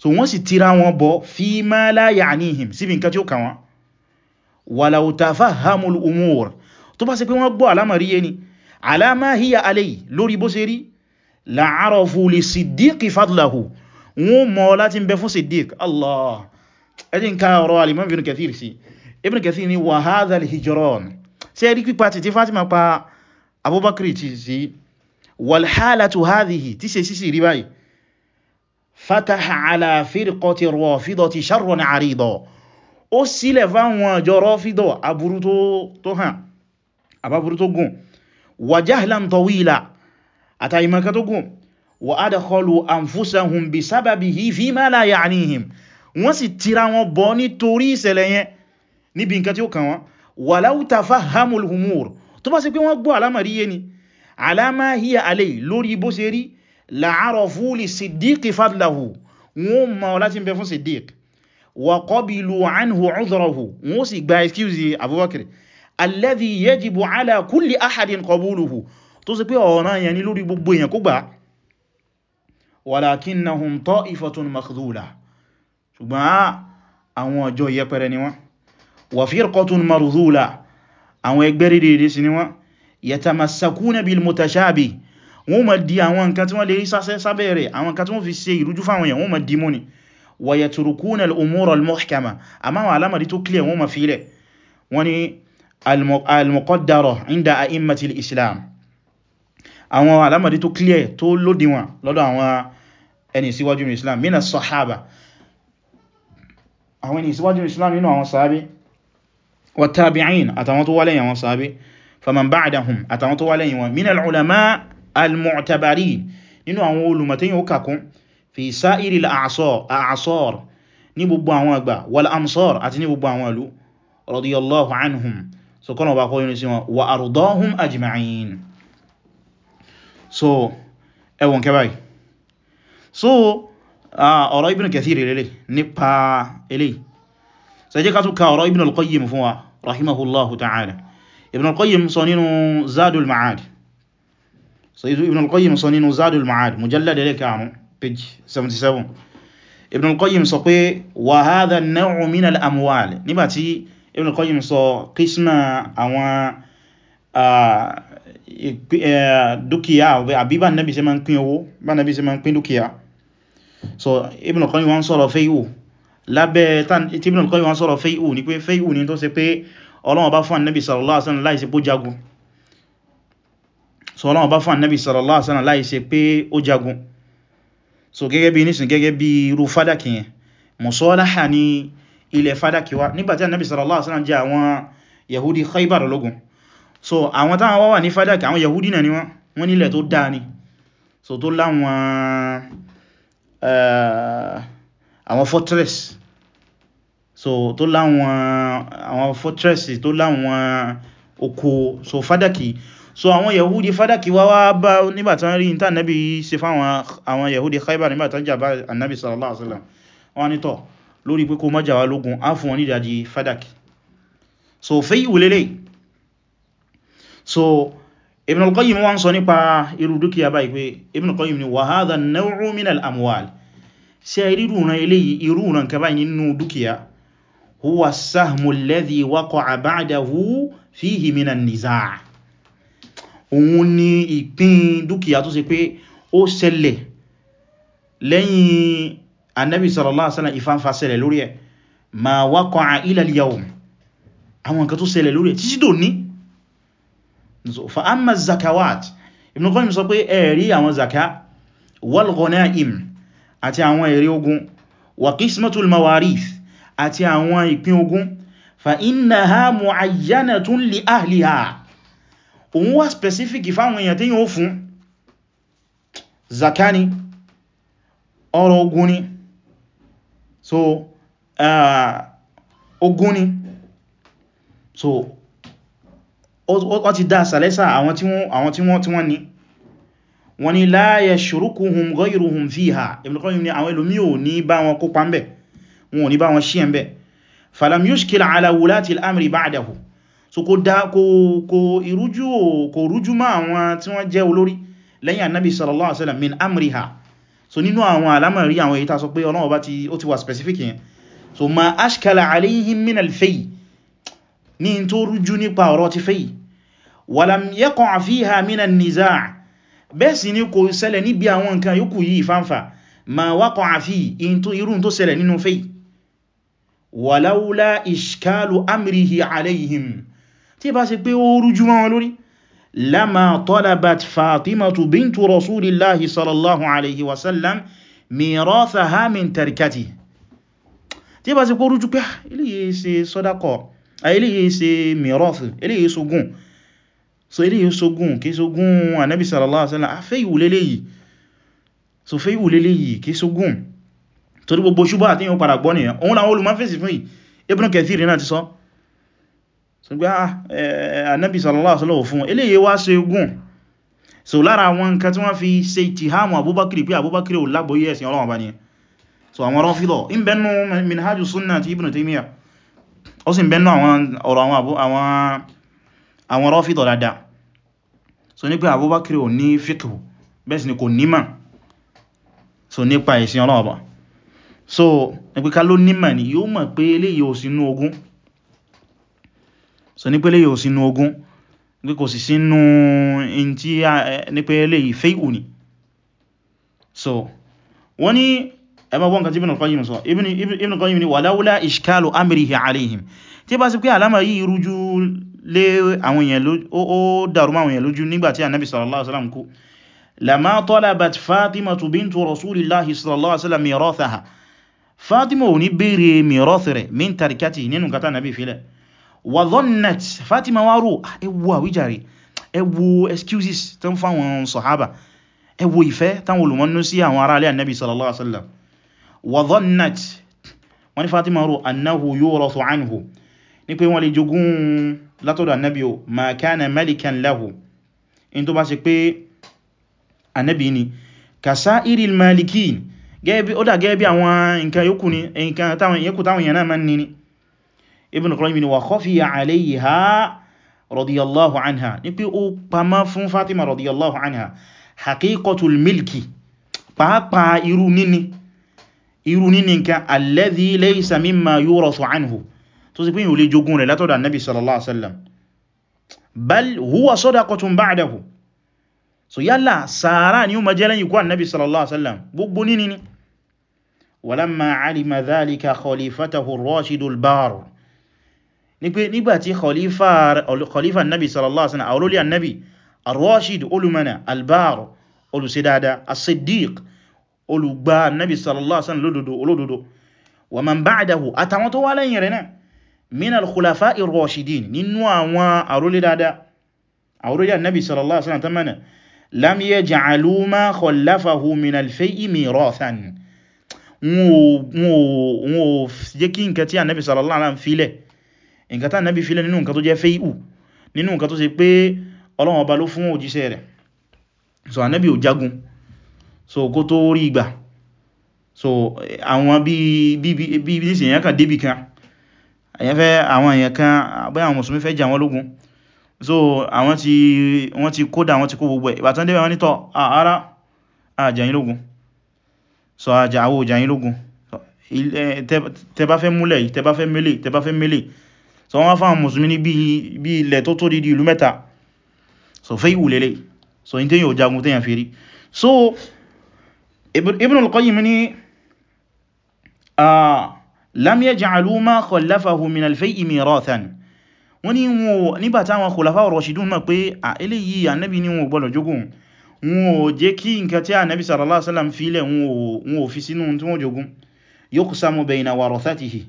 so wọ́n sì tira wọn bọ́ fima la ya'nihim síbi nǹkan tí ó kà wọ́n walau tafahhamul umur tó bá ṣe pé wọ́n gbọ́ alámàrí yé ni ala ma hiya alayhi lórí bó ṣe rí la'arafu li siddiqi fadlahu wọ́n mọ̀ láti ń bẹ fún siddiq Allah ẹjìn ká ọ̀rọ̀ al-Imam Kathir sí Ibn Kathir ni wa hadha al-hijran ṣe rí pípa títí Fatima pa Abubakar ti sí wal halatu hadhihi tí ṣe sísì rí báyìí fataha ala firqati rafidati sharran arida ó sílẹ̀ fáwọn ọjọ́ rọ́fídọ̀ aburú tó hàn àbáburú tó gùn wa jahlan tawila àtàìmọ̀ká tó gùn wa adkhalu anfusahum bisababihi fima la ya'nihim wọ́n sì tira wọn bọ́ nítorí ìṣẹ̀lẹ̀ yẹn níbi nǹkan tí ó kàn wọ́n walau tafahhamul umur tó bá ṣe pé wọ́n gbọ́ alámàrí yé ni alama hiya alay lórí bó ṣe rí la'arafu li siddiqi fadlahu wọ́n mọ̀ láti bẹ fún siddiq wa qabilu anhu udhrahu wọ́n sì gba excuse abubakar alladhi yajibu ala kulli ahadin qabuluhu tó ṣe pé ọ̀ràn yẹn ni lórí gbogbo èèyàn kó gbà walakinnahum ta'ifatun makhdhula ṣùgbọ́n àwọn ọjọ́ yẹpẹrẹ ni wọ́n wa firqatun mardhula àwọn ẹgbẹ́ rídìí sí ni wọ́n yatamasakuna bil mutashabi wọ́n ma di àwọn nǹkan tí wọ́n lè rí sásẹ́ sábẹ́ rẹ̀ àwọn nǹkan tí wọ́n fi ṣe ìrújú fáwọn èèyàn wọ́n ma di mú ni wa yatrukuna al-umura al-muhkama àmá àwọn alámàrí tó clear wọ́n ma fi rẹ̀ wọ́n nínú àwọn sahabi والتابعين أتمنوا ولي وصابي فمن بعدهم أتمنوا ولي من العلماء المعتبرين nínú àwọn olùmọ̀tẹ́yìn ó kàkún fi sáìrì àṣọ́r ní gbogbo àwọn àgbà wal amsar àti ní gbogbo àwọn ìlú radiyallahu anhum so kọ́nà ọba kọ́ yínú sí wọn wa ardahum ajma'in so ẹwọ̀n kẹbàí so ọ̀rọ̀ Ibn Kathir rẹ̀ nípa eléyìí so jẹ́ ká tún ka ọ̀rọ̀ ibn al-qayyim fún wa rahimahullahu ta'ala ibn al-qayyim sọ nínú zadul ma'ad so ibn al-qayyim sọ nínú zadul ma'ad mujallad ẹlẹ́kàrún page 77 ibn al-qayyim sọ pé wa hadha an min al-amwal nígbàtí ibn al-qayyim sọ qisma àwọn dúkìá àbí bá nabi ṣe lábẹ́ tí Ibn al-Qayyim wọ́n sọ̀rọ̀ fẹ́ìhù ní pé fẹ́ìhù ní tó ṣe pé Ọlọ́run bá fún Ànábì sallallahu alaihi wasallam láìṣe pé ó jagun so Ọlọ́run bá fún Ànábì sallallahu alaihi wasallam láìṣe pé ó jagun so gẹ́gẹ́ bí nísìn gẹ́gẹ́ bí irú fádàkì yẹn mùsọ́láhà ní ilẹ̀ fádàkì wá nígbàtí Ànábì sallallahu alaihi wasallam jẹ́ àwọn Yahudi Khaybar lógún so àwọn fortress So, tó láwọn oko so fadaki so àwọn yahudi fadaki wá wá bá nígbàtán rí ní tàbí ṣe fáwọn àwọn yahudi khaibar nígbàtán jà bá annabi sallallahu alaihi wasallam wọ́n ní tọ́ lórí pé kó má jà wá lógun á fún wọn ní ìdajì fadaki so fẹ́ ìwò lélẹ̀ so ibn al-qayyim wọ́n sọ nípa irú dúkìá báyìí pé ibn al-qayyim ni wa hadha an-naw'u min al-amwal ṣe irú ran eléyìí irú ran kaba nínú dúkìá huwa sahmu alladhi waqa'a ba'dahu fihi minan niza' òun ni ìpín dúkìá tó ṣe pé ó ṣẹlẹ̀ lẹ́yìn annabi sallallahu alaihi wasallam ìfánfà ṣẹlẹ̀ lórí ẹ̀ ma waqa'a ila al-yawm àwọn nǹkan tó ṣẹlẹ̀ lórí ẹ̀ àti àwọn èrè ogun wa qismatul mawarith àti àwọn ìpín ogun fa innaha mu'ayyanatun li ahliha òun wá specific fáwọn èèyàn tí yíò fún zakani ọrọ̀ ogun so uh, ogun so wọ́n ti dá sàlẹ́sà àwọn tí wọ́n ní wọ́n ni la yashrukuhum ghayruhum fiha Ibn Qayyim ni àwọn ẹlòmí ò ní bá wọn kópa ń bẹ̀ wọn ò ní bá wọn ṣí ẹ̀ ń bẹ̀ falam yushkil ala wulati al-amri ba'dahu so kò dá kò ìrújú kò rújú má àwọn tí wọ́n jẹ́ olórí lẹ́yìn annabi sallallahu alaihi fiha min an-niza' bẹ́ẹ̀ sì ni kò ṣẹlẹ̀ níbi àwọn nǹkan yòókù yìí fánfà ma waqa'a fi irun tó ṣẹlẹ̀ nínú fẹ́ walaula ishkalu amrihi alayhim tí bá ṣe pé ó rújú mọ́ wọn lórí lama talabat fatimatu bintu rasulillahi sallallahu alaihi wasallam mirathaha min tarikati tí bá ṣe pé ó rújú pé ah, eléyìí ṣe sọ́dákọ̀ so eléyìí sógún kí sógún Ànábì sallallahu alaihi wasallam afẹ́ ìwò léléyìí so fẹ́ ìwò léléyìí kí sógún torí gbogbo ṣubá àti yíò padà gbọ́ nìyàn òun làwọn olùmọ́fẹ́sì fún yìí Ibn Kathir náà ti sọ so gbé ah, Ànábì sallallahu alaihi wasallam fún eléyìí wá ṣe ogún so lára àwọn nǹkan tí wọ́n fi ṣe ìtìhámù Abubakar pé Abubakar ò lágbóyé ẹ̀sìn Ọlọ́run bá ní so àwọn Rāfidah in bẹnu Minhaju Sunnah ti Ibn Taymiyyah ó sì bẹnu àwọn ọ̀rọ̀ àwọn àwọn Rāfidah dáadáa so ní pé Abubakar ò ní fiqh bẹ́ẹ̀ sì ni kò nímà so nípa ìsìn ọlọ́ọ̀bà so ní pé ká ló nímà ni yóò mọ̀ pé eléyìí ò sínú ogun so ní pé eléyìí ò sínú ogun ní kò sì sínú in tí ní pé eléyìí fẹ́ìhù ni so wọ́n ní ẹmọ gbọ́n kan tí Ibn sọ Ibn al ni walawla ishkalu dàrú mọ́ àwọn èèyàn lójú nígbàtí ànábì sallallahu alaihi wasallam kú lamma talabat fatimatu bintu rasulillahi sallallahu alaihi wasallam mirathaha fatima ò ní bèèrè mìírọ́sì rẹ̀ min tarikati nínú kata nàbí filẹ̀ wà zonnat fatima wá rò ah, ẹwọ àwíjàre ẹwọ excuses tó ń fáwọn sọ̀hábà ẹwọ ìfẹ́ táwọn olùmọ́nú sí àwọn ará alẹ́ annabi sallallahu alaihi wasallam wà zonnat wọ́n ní fatima rò annahu yurathu látọ̀dọ̀ annabi o ma kana malikan lahu in tó bá ṣe pé annabi ni kasa iril malikin ó dà gẹ́gẹ́ bí àwọn nǹkan yókù ni nǹkan táwọn èèyàn náà mẹ́ni ni Ibn Qayyim ni wa khafiya alayha radiyallahu anha ní pé ó pamọ́ fún Fatima radiyallahu anha haqiqatul milki pàápàá irú níní irú níní nǹkan alladhi tó sì pín ìwòlé jogun rẹ̀ látọ̀dọ̀ annabi sallallahu alaihi wasallam bal huwa sadaqatun ba'dahu so yálà sàárà ni ó ma jẹ́ lẹ́yìn kú annabi sallallahu alaihi wasallam gbogbo níní ni walamma alima dhalika khalifatahu ar-rashidul bar ní pé nígbàtí khalifa annabi sallallahu alaihi wasallam àwọlólì annabi ar-rashid olùmọ̀nà al-bar olùsídáadáa as-siddiq olùgbà annabi sallallahu alaihi wasallam lódodo wa man ba'dahu àtàwọn tó wá lẹ́yìn rẹ̀ náà minal khulafa'i rashidin nínú àwọn àrólé dáadáa àrólé annabi sallallahu alaihi wasallam tamana lam yaj'alu ma khallafahu min al-fay'i mirathan wọ́n ò jẹ́ kí nǹkan tí annabi sallallahu alaihi wasallam filẹ̀ nǹkan tí annabi filẹ̀ nínú nǹkan tó jẹ́ fay'u nínú nǹkan tó ṣe pé Ọlọ́run ọba ló fún òjíṣẹ́ rẹ̀ so annabi ò jagun so kó tó rí ìgbà so àwọn bí bí bí nísìnyàn kan débì kan àwọn èèyàn kan bóyá àwọn mùsùlùmí fẹ́ jà wọ́n lógún so àwọn ti wọ́n ti kódà wọ́n ti kó gbogbo ẹ̀ ìbátan débẹ̀ wọ́n nítọ̀ ara àjàyìn lógún so àjà àwọ òjàyìn lógún tẹbá fẹ́ múlẹ̀ yìí tẹbá fẹ́ mẹ́lẹ̀ tẹbá fẹ́ mẹ́lẹ̀ so wọ́n fáwọn mùsùlùmí ní bí ilẹ̀ tó tó dídí ìlú mẹ́ta so fẹ́ ìwù lélẹ̀ so in tẹ́yìn òjagun tẹ́yìn fi rí so Ibn al-Qayyim ní ah lam yaj'alu ma khallafahu min al-fay'i mirathan wọ́n ní wọn nígbà táwọn khulafa rashidun mọ̀ pé à eléyìí ànábì ní wọn gbọ́dọ̀ jogún wọn ò jẹ́ kí nǹkan tí ànábì sallallahu alaihi wasallam fílẹ̀ wọn ò fi sínú tí wọ́n jogún yuqsamu bayna warathatihi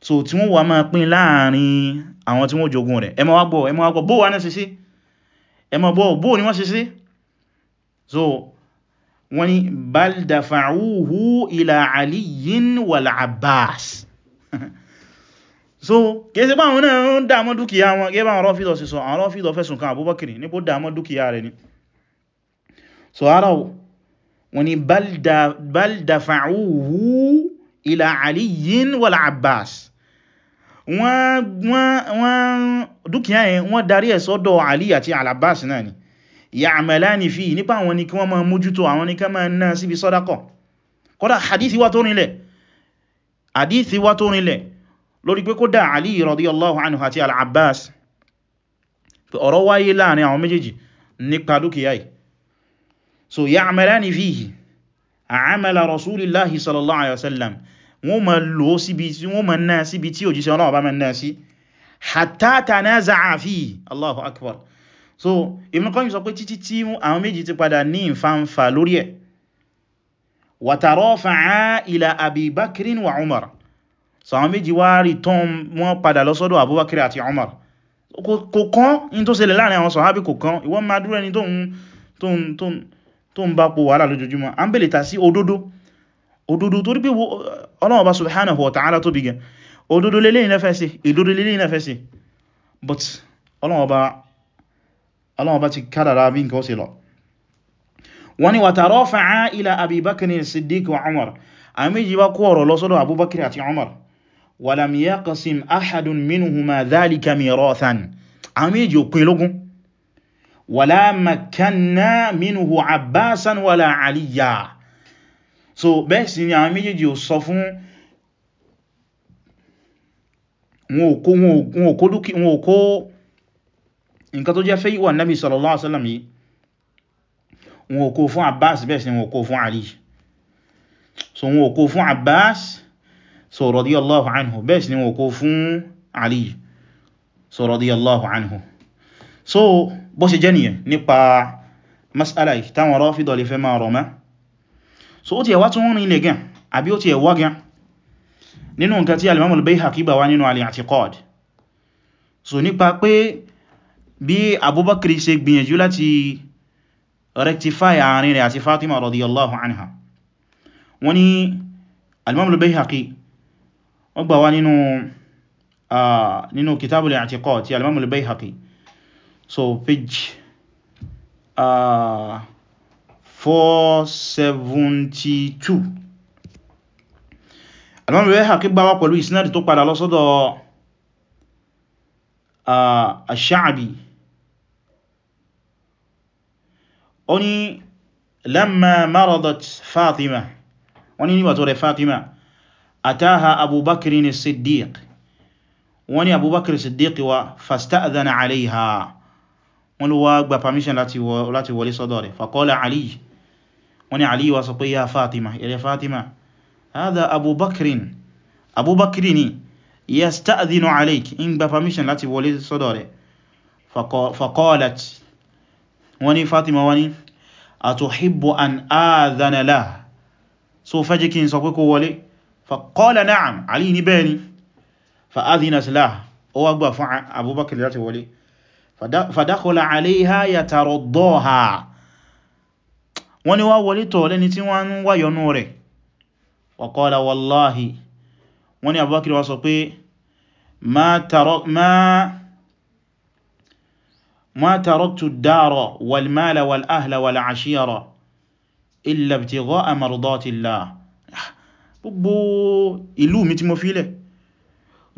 so tí wọ́n wà máa pín láàrin àwọn tí wọ́n jogún wọ́n ni bal dafa'uhu ila aliyin wal so kéèsì bá wọn náà ń dámọ́ dúkìá wọn gẹ́gẹ́ bá wọn rọ́fíìdọ̀ sí sọ àwọn rọ́fíìdọ̀ fẹ́sùn kan àbúbọ́kìrì nípò dámọ́ dúkìá rẹ̀ ni so ara wọn ni bal dafa'uhu ila aliyin wal abbas wọ́n dúkìá yẹn wọ́n darí ẹ̀ ali àti al náà ni ya'malani fi nípa àwọn ni kí wọ́n máa mójútó àwọn ni ká máa ná síbi sọ́dákọ̀ kódà hadithi wá tó rinlẹ̀ hadithi wá tó rinlẹ̀ lórí pé kódà Ali radiyallahu anhu àti al-Abbas ọ̀rọ̀ wáyé láàrin àwọn méjèèjì nípa dúkìá yìí so ya'malani fihi a'mala rasulillahi sallallahu alaihi wasallam wọ́n ma lò síbi tí wọ́n ma náà síbi tí òjíṣẹ́ Ọlọ́run bá ma náà sí hatta so Ibn Qayyim sọ pé títí tí àwọn méjì ti padà ní ìfàǹfà lórí ẹ̀ wa tarafa'a ila Abi Bakrin wa Umar so àwọn méjì wá rí tán wọ́n padà lọ sọ́dọ̀ Abubakar àti Umar kò kán in tó ṣẹlẹ̀ láàrin àwọn sọ̀hábí kò kán ìwọ́n máa dúró ẹni tó ń bá po wàhálà lójoojúmọ́ a ń bèlè ta sí òdodo òdodo torí pé Ọlọ́run Ọba subhanahu wa ta'ala tó bí gan òdodo lélẹ́yìn lẹ́fẹ́ sí òdodo lélẹ́yìn lẹ́fẹ́ sí but Ọlọ́run Ọba ọlọ́wọ́ bá ti kádàrá bí nǹkan ó sì lọ wọ́n ni wa tarafa'a ila Abi Bakr Siddiq wa Umar àwọn méjì bá kó ọ̀rọ̀ lọ sọ́dọ̀ Abubakar àti Umar wa lam yaqsim ahadun minhuma dhalika mirathan àwọn méjì ò lógún wala makanna minhu Abbasan wala Aliya so bẹ́ẹ̀ sì ni àwọn méjì ò sọ fún wọn ò kó nǹkan tó jẹ́ fẹ́ ìwà nabi sallallahu alaihi wasallam yìí wọn ò kó fún abbas bẹ́ẹ̀ sí wọn ò fún ali so wọn ò kó fún abbas so radiyallahu anhu bẹ́ẹ̀ sí ni wọn ò fún ali so radiyallahu anhu so bó ṣe jẹ́ nìyẹn nípa mas'ala táwọn Rāfidah lè fẹ́ máa rọ̀ mẹ́ so ó ti ẹ̀wá tún rìn ilẹ̀ gan àbí ó ti ẹ̀wá gan nínú nǹkan tí al-Imam gbà wá nínú al-I'tiqad so nípa pé bí abubakar ṣe gbìyànjú láti rectify àárín rẹ̀ àti fatima radiyallahu anha wọ́n ní alimamul bayhaqi wọ́n gbà wá nínú nínú kitabul i'tiqad ti alimamul bayhaqi so page uh, 472 alimamul bayhaqi gbà wá pẹ̀lú isnad tó padà lọ sọ́dọ̀ uh, ash-sha'bi ó ní lamma maradat fatima wọ́n ní nígbà tó rẹ̀ fatima ataha abubakir ni siddiq wọ́n ní abubakir siddiq wa fasta'adhana alaiha wọ́n ló wá gba permission láti wọlé sọ́dọ̀ rẹ̀ faqala ali wọ́n ní ali wa sọ pé ya fatima ilẹ̀ fatima hadha abubakirin abubakiri ni yasta'adhinu alaik in gba permission láti wọlé sọ́dọ̀ rẹ̀ faqalat wọ́n ní Fatima wọ́n ní atuhibbu an adhana laha so fẹ́ jẹ́ kí n sọ pé kó wọlé fa qala na'am Ali ní bẹ́ẹ̀ ni fa adhinat laha ó wá gbà fún Abubakar láti wọlé fa dakhala alayha yataraddaha wọ́n ní wá wọlé tọ̀ lẹ́ni tí wọ́n ń wáyọnú rẹ̀ wa qala wallahi wọ́n ní Abubakar wá sọ pé ma ما تركت الدار والمال والأهل والعشيرة إلا ابتغاء مرضات الله gbogbo ìlú mi tí mo fílẹ̀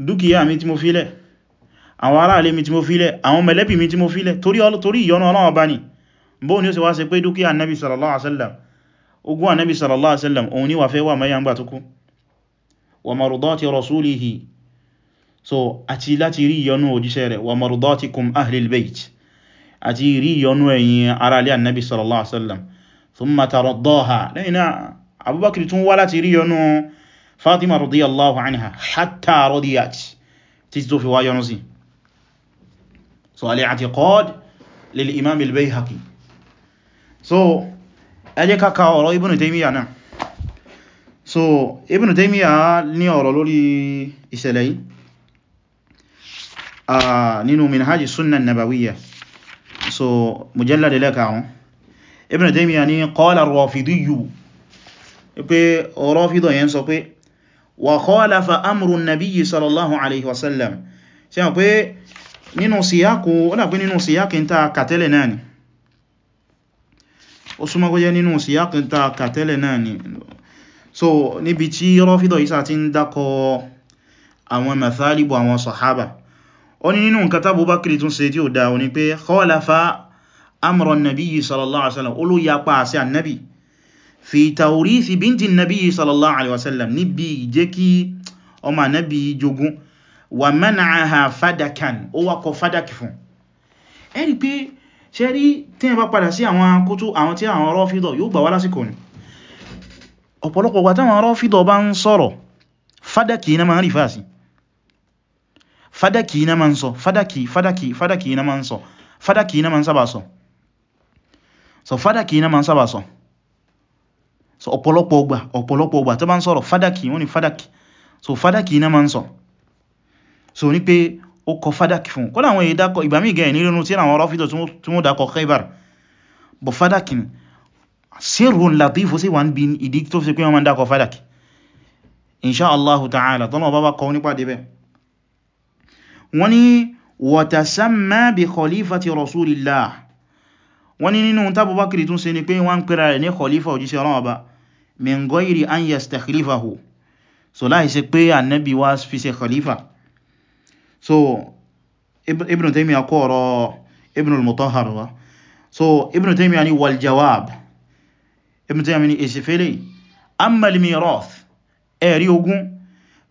dúkìá mi tí mo fílẹ̀ àwọn aráalé mi tí mo fílẹ̀ àwọn mẹ̀lẹ́bí mi tí mo fílẹ̀ torí ìyọ́nà Ọlọ́run bá ní bó ní ó sì wá ṣe pé dúkìá annabi sallallahu alaihi wasallam annabi sallallahu alaihi wasallam ni wà fẹ́ wà mẹ́yà ń gbà wa marudati rasulihi so àti láti rí ìyọ́nú òjíṣẹ́ rẹ̀ wa marudatikum ahlil bayt àti rí yọnú ẹ̀yìn ara ilé annabi sallallahu alaihi wasallam thumma taraddaha lẹ́yìn náà abubakar tún wá láti rí yọnú fatima radiyallahu anha hatta radiyat títí tó fi wá yọnú sí so al kọ́d lil imam al-bayhaqi so ẹ jẹ́ ká ka ọ̀rọ̀ ibn taymiyyah náà so ibn taymiyyah ní ọ̀rọ̀ lórí ìṣẹ̀lẹ̀ yìí nínú minhajis sunan nabawiyya so mujalladi lẹ́karùn Ibn Taymiyyah ni qala rọ̀fìdíyù pé rọ́fìdọ̀ yẹn sọ pé wa khalafa amru nabiyyi sallallahu alaihi wasallam ṣe wọ́n pé nínú síyákù ó dà pé nínú síyákù ń ta kàtẹ́lẹ̀ náà ni ó súnmọ́ kó jẹ́ nínú síyákù ń ta ni so níbi tí rọ́fìdọ̀ yìí sá ti ń mathalibu àwọn sahaba ó ní nínú nǹkan t'Abubakar tún ṣe tí ó dáa ní pé khalafa amran nabiyyi sallallahu alaihi wasallam ó ló yapa àṣẹ annabi fi tawrithi binti nabiyyi sallallahu alaihi wasallam níbi ìjẹ́ kí ọmọ annabi jogun wa man'aha fadakan ó wakọ fadak fún ẹ̀rí pé ṣe rí tí ẹ bá padà sí àwọn kútú àwọn tí àwọn Rāfidah yóò gbà wá lásìkò ni ọ̀pọ̀lọpọ̀ gbà táwọn Rāfidah bá ń sọ̀rọ̀ fádàkì iná máa ń rí fàásì fádàkì iná ma ń sọ ki, fádàkì ki, iná ki ń sọ fádàkì iná ma ń sábà sọ so fádàkì iná ma ń sábà sọ so ọ̀pọ̀lọpọ̀ ọgbà ọ̀pọ̀lọpọ̀ ọgbà tó bá ń sọ̀rọ̀ fádàkì wọ́n ni ki. so fádàkì iná ma ń sọ so ko pé ó kọ fádàkì fún kọ́lá àwọn èyí dákọ̀ ìgbà míì gẹ̀ẹ́ nínú tí àwọn rọ́fídọ̀ tí wọ́n dákọ̀ khaybar bọ̀ ki. ni sírùn latífù sí wọ́n bí ìdí tó fi pé wọ́n ma ń dákọ̀ fádàkì inṣáàláhù ta'ala tọ́nà ọba bá kọ nípa débẹ̀ wọ́n ni wọ̀tàsánmà bí khalifati rasulillah wọ́n ni nínú tábùbákìrì tún ṣe ni pé wọ́n ń pèrà rẹ̀ ní khalifa òjíṣẹ́ ọlọ́run ọba min goyiri an yastakhlifahu so láì ṣe pé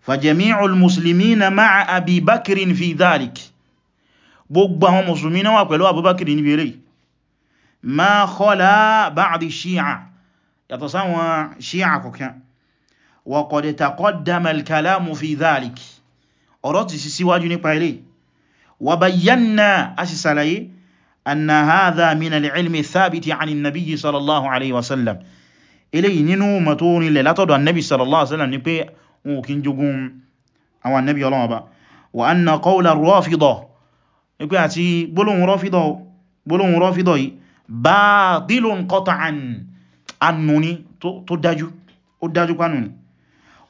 فجميع المسلمين مع ابي بكر في ذلك بغبا هم مسلمين وقلوا ابو بكر نبيلي ما خلا بعض الشيعة يتصنوا شيعة كوكا وقد تقدم الكلام في ذلك أردت سيسي واجوني بايلي وبينا أسسالي أن هذا من العلم الثابت عن النبي صلى الله عليه وسلم إلي نينو متوني للا تدو النبي صلى الله عليه وسلم نبيه wọn ò kí ń jogún àwọn ànábì Ọlọ́run ọba wa anna qawla rọ́fídọ̀ wípé àti gbólóhùn rọ́fídọ̀ yìí baatilun qat'an annuni tó dájú ó dájú pánù ni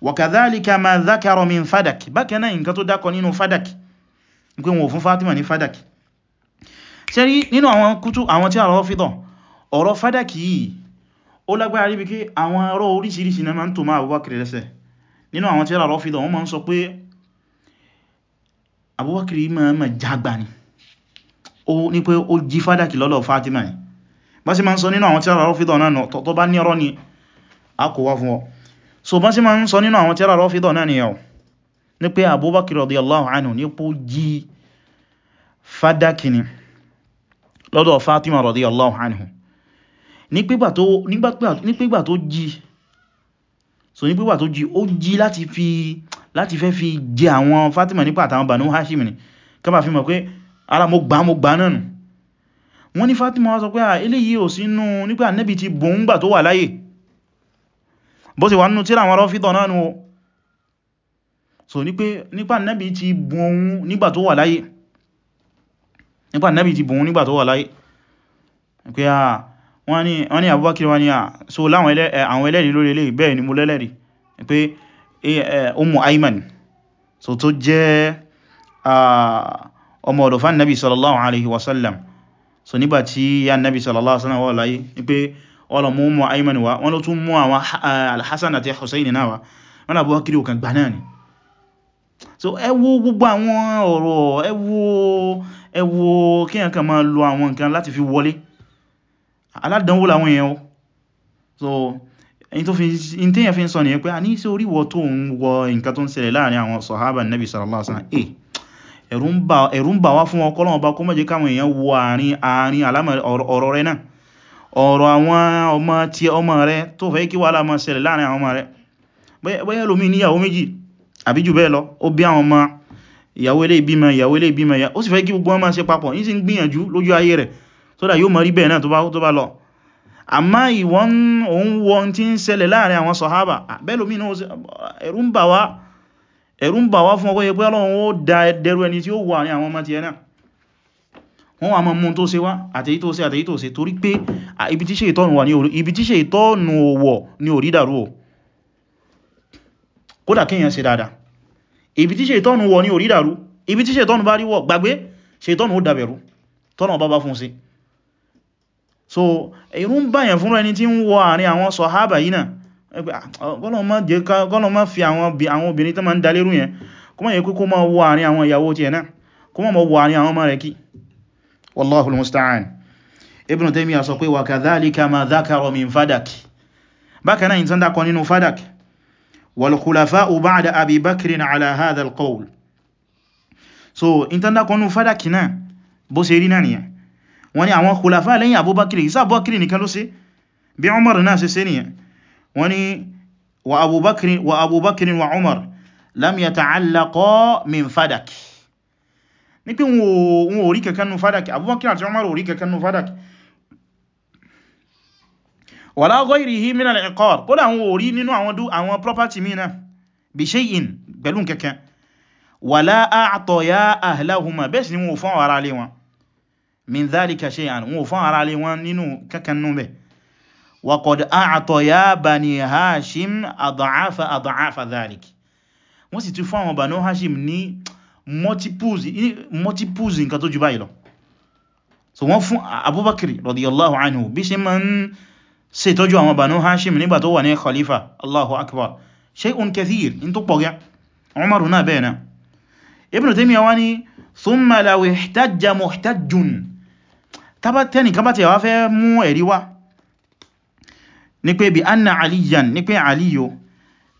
wa kadhalika ma dhakara min fadak bákan náà nǹkan tó dákọ nínú fadak wípé wọn ò fún Fatima ní fadak ṣe rí nínú àwọn kútù àwọn tí a rọ́fídọ̀ ọ̀rọ̀ fadak yìí ó lágbára rí bí kí àwọn ọ̀rọ̀ oríṣiríṣi náà máa ń tó máa Abubakar nínú àwọn tí ràrọ̀ fìdọ̀ wọ́n ma ń sọ pé abúwákìrí ma jàgbà ni ní pé ó jí fádàkì lọ́lọ́ Fatima ni bá sí ma ń sọ nínú àwọn tí ràrọ̀ fìdọ̀ náà tó bá ní ọ̀rọ̀ ni a kò wá fún ọ so bá sí ma ń sọ nínú àwọn tí ràrọ̀ fìdọ̀ náà ni yau ní pé abúwákìrí radiyallahu anhu ní pó jí fádàkì ni lọ́dọ̀ Fatima radiyallahu anhu nígbàgbà tó jí so ní pípà tó jí ó jí láti fẹ́ fi jẹ àwọn Fatima nípa àtàwọn Banu Hashim ni kọba fi mọ̀ pé ara mo gbá mo gbá náà wọ́n ní Fatima wá sọ pé à eléyìí ò sínú nípa Ànábì ti bòun gbà tó wà láyé bó sì wà nínú tíra àwọn Rọ́fídọ̀ náà nù o so nípa Ànábì ti bòun nígbà tó wà láyé nípa Ànábì ti bòun nígbà tó wà láyé pé à wọ́n ní Abubakar wọ́n ní à ah, so láwọn eh, ẹlẹ́rìí lórí eléyìí bẹ́ẹ̀ ni mo lẹ́lẹ́rìí pé eh, eh, Ummu Ayman so tó jẹ́ ah, ọmọ ọ̀dọ̀ fán nabi sallallahu alaihi wasallam so nígbàtí ya nabi sallallahu alaihi wasallam wà láyé ní pé ọlọ́mọ Ummu Ayman wa wọ́n ló tún mú àwọn al-Hasan àti Husayn náà wa wọ́n Abubakar ò kàn gbà náà ni so ẹ wo gbogbo àwọn ọ̀rọ̀ ẹ wo ẹ wo kí ẹ̀kan aládánwò làwọn èèyàn o so in tó fi in tí yẹn fi ń sọ ní pé a ní sí oríwọ tó ń wọ nǹkan tó ń ṣẹlẹ̀ láàrin àwọn sọ̀hábà nẹ́bì sallallahu alaihi wasallam eh, ẹ̀rù ń bà wá fún ọkọ́ lọ́wọ́ bá kó má jẹ́ káwọn èèyàn wọ àárín àárín alámọ̀ ọ̀rọ̀ rẹ náà ọ̀rọ̀ àwọn ọmọ tí ọmọ rẹ tó fẹ́ kí wàhálà máa ṣẹlẹ̀ láàrin àwọn ọmọ rẹ bóyá lómi níyàwó méjì àbí jù bẹ́ẹ̀ lọ ó bí àwọn ọmọ ìyàwó ilé ìbímọ ìyàwó ilé ìbímọ ó sì fẹ́ kí gbogbo wọn máa ṣe papọ̀ yìí sì ń gbìyànjú lójú ayé rẹ̀ so that yóò mọ̀ rí bẹ́ẹ̀ náà tó bá lọ àmá ìwọ́n òun wọ́n tí ń ṣẹlẹ̀ láàrin àwọn sọ̀hábà bẹ́lòmí náà ẹ̀rù ń bà wá fún ọkọ̀ yẹ pé ọlọ́run ó dá ẹdẹrù ẹni tí ó wà ní àwọn ọmọ ti ẹ̀nà wọ́n wà mọ́ mún tó ṣe wá àtèyí tó ṣe àtèyí tó ṣe torí pé ibi tí ṣe ìtọ́nù wà wọ̀ ní orí dàrú o kódà kíyàn ṣe dáadáa ibi tí ṣe ìtọ́nù wọ̀ ní bá rí wọ̀ gbàgbé ṣe ìtọ́nù ó dàbẹ̀rú tọ́nà bá bá fún sí so ẹ̀rù ń bàyàn fún ẹni tí ń wọ àárín àwọn sọ̀hábà yìí náà gọ́lọ̀ ah, má fi àwọn obìnrin tó ma ń dalérú yẹn kó má yẹ kó má wọ àárín àwọn ìyàwó ti ẹ̀nà kó má mọ̀ wọ àárín àwọn ọmọ rẹ̀ kí wallahul musta'an Ibn Taymiyyah sọ wa kadhalika ma dhakara min fadak bákan náà ìtàn dákọ nínú fadak wal khulafa'u ba'da abi bakrin ala hadha al qawl so ìtàn dákọ nínú fadak náà bó ṣe rí náà wọ́n ní àwọn khulafa lẹ́yìn abubakiri isa abubakiri nìkan ló ṣe bí umar náà ṣe ṣe nìyẹn wọ́n ní wa abubakiri wa abubakiri wa umar lam yata'allaqa min fadak ní pé wọn ò rí kankan nú fadak abubakiri àti umar ò rí kankan nú fadak wala ghayrihi min al-iqar kódà àwọn orí nínú àwọn property mìíràn bi shay'in pẹ̀lú kẹ̀kẹ́ wala a'taya ahlahuma bẹ́ẹ̀ sì ni wọn ò fún ara lé wọn min dhalika shay'an wọn fún ara lè wọn nínú kankanú bẹ̀ wa qad a'taya bani hashim adha'afa adha'afa dhalik wọ́n sì tún fún àwọn hashim ní multiples nǹkan tó jù báyìí lọ so wọ́n fún abubakar radiyallahu anhu bí ṣe ma ń ṣe tọ́jú àwọn bani hashim nígbà tó wà ní khalifa allahu akbar shay'un kathir in tó pọ̀gá umaru náà bẹ́ẹ̀ ibn taymiya wani thumma law ihtajja muhtajjun tẹ́nìkan bá ti wá fẹ́ mú ẹ̀rí wá ní pé bí anna aliyan ní pé aliyo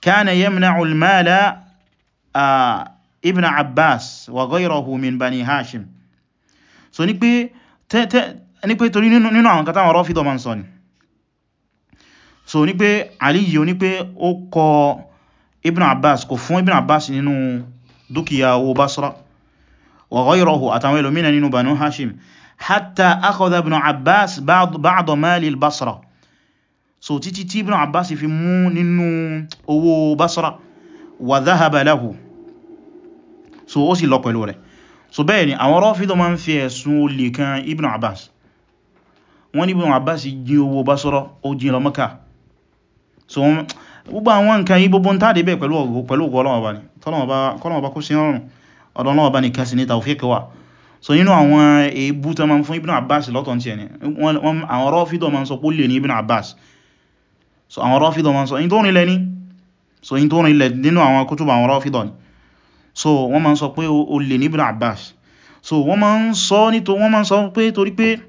kana yamna'u al-mala ibn abbas wa ghayruhu min bani hashim so ní pé ní pé torí nínú àwọn kan táwọn rọ́fídọ̀ ma sọ ni so ní pé aliyo ní pé ó kọ ibn abbas kò fún ibn abbas nínú dúkìá owó basra wa ghayruhu àtàwọn ẹlòmínà nínú banu hashim hatta akhadha ibn abbas ba'd mali al-basra so títí tí ibn abbas fi mú nínú owó basra wa dhahaba lahu so ó sì lọ pẹ̀lú rẹ̀ so bẹ́ẹ̀ ni àwọn Rāfidah máa ń fi ẹ̀sùn olè kan ibn abbas wọ́n ní ibn abbas jí owó basra ó jí lọ Mákà so gbogbo àwọn nǹkan yí gbogbo ń tàdé bẹ̀ pẹ̀lú ọgọ́ ọlọ́wọ́ bá ní tọ́lọ́wọ́ bá kó sí ọrùn ọ̀dọ̀ ọlọ́wọ́ bá ní kẹsì ní tawfiq wa so nínú àwọn èébú tó ma ń fún Ibn Abbas lọ́tọ̀ tí ẹni àwọn Rāfidah ma ń sọ pó lè ní Ibn Abbas so àwọn Rāfidah ma ń sọ in tó rinlẹ̀ ní so in tó rinlẹ̀ nínú àwọn kútùbà àwọn Rāfidah ni so wọ́n ma so sọ pé ó lè Ibn Abbas so wọ́n ma ń sọ nítorí wọ́n ma ń sọ pé torí pé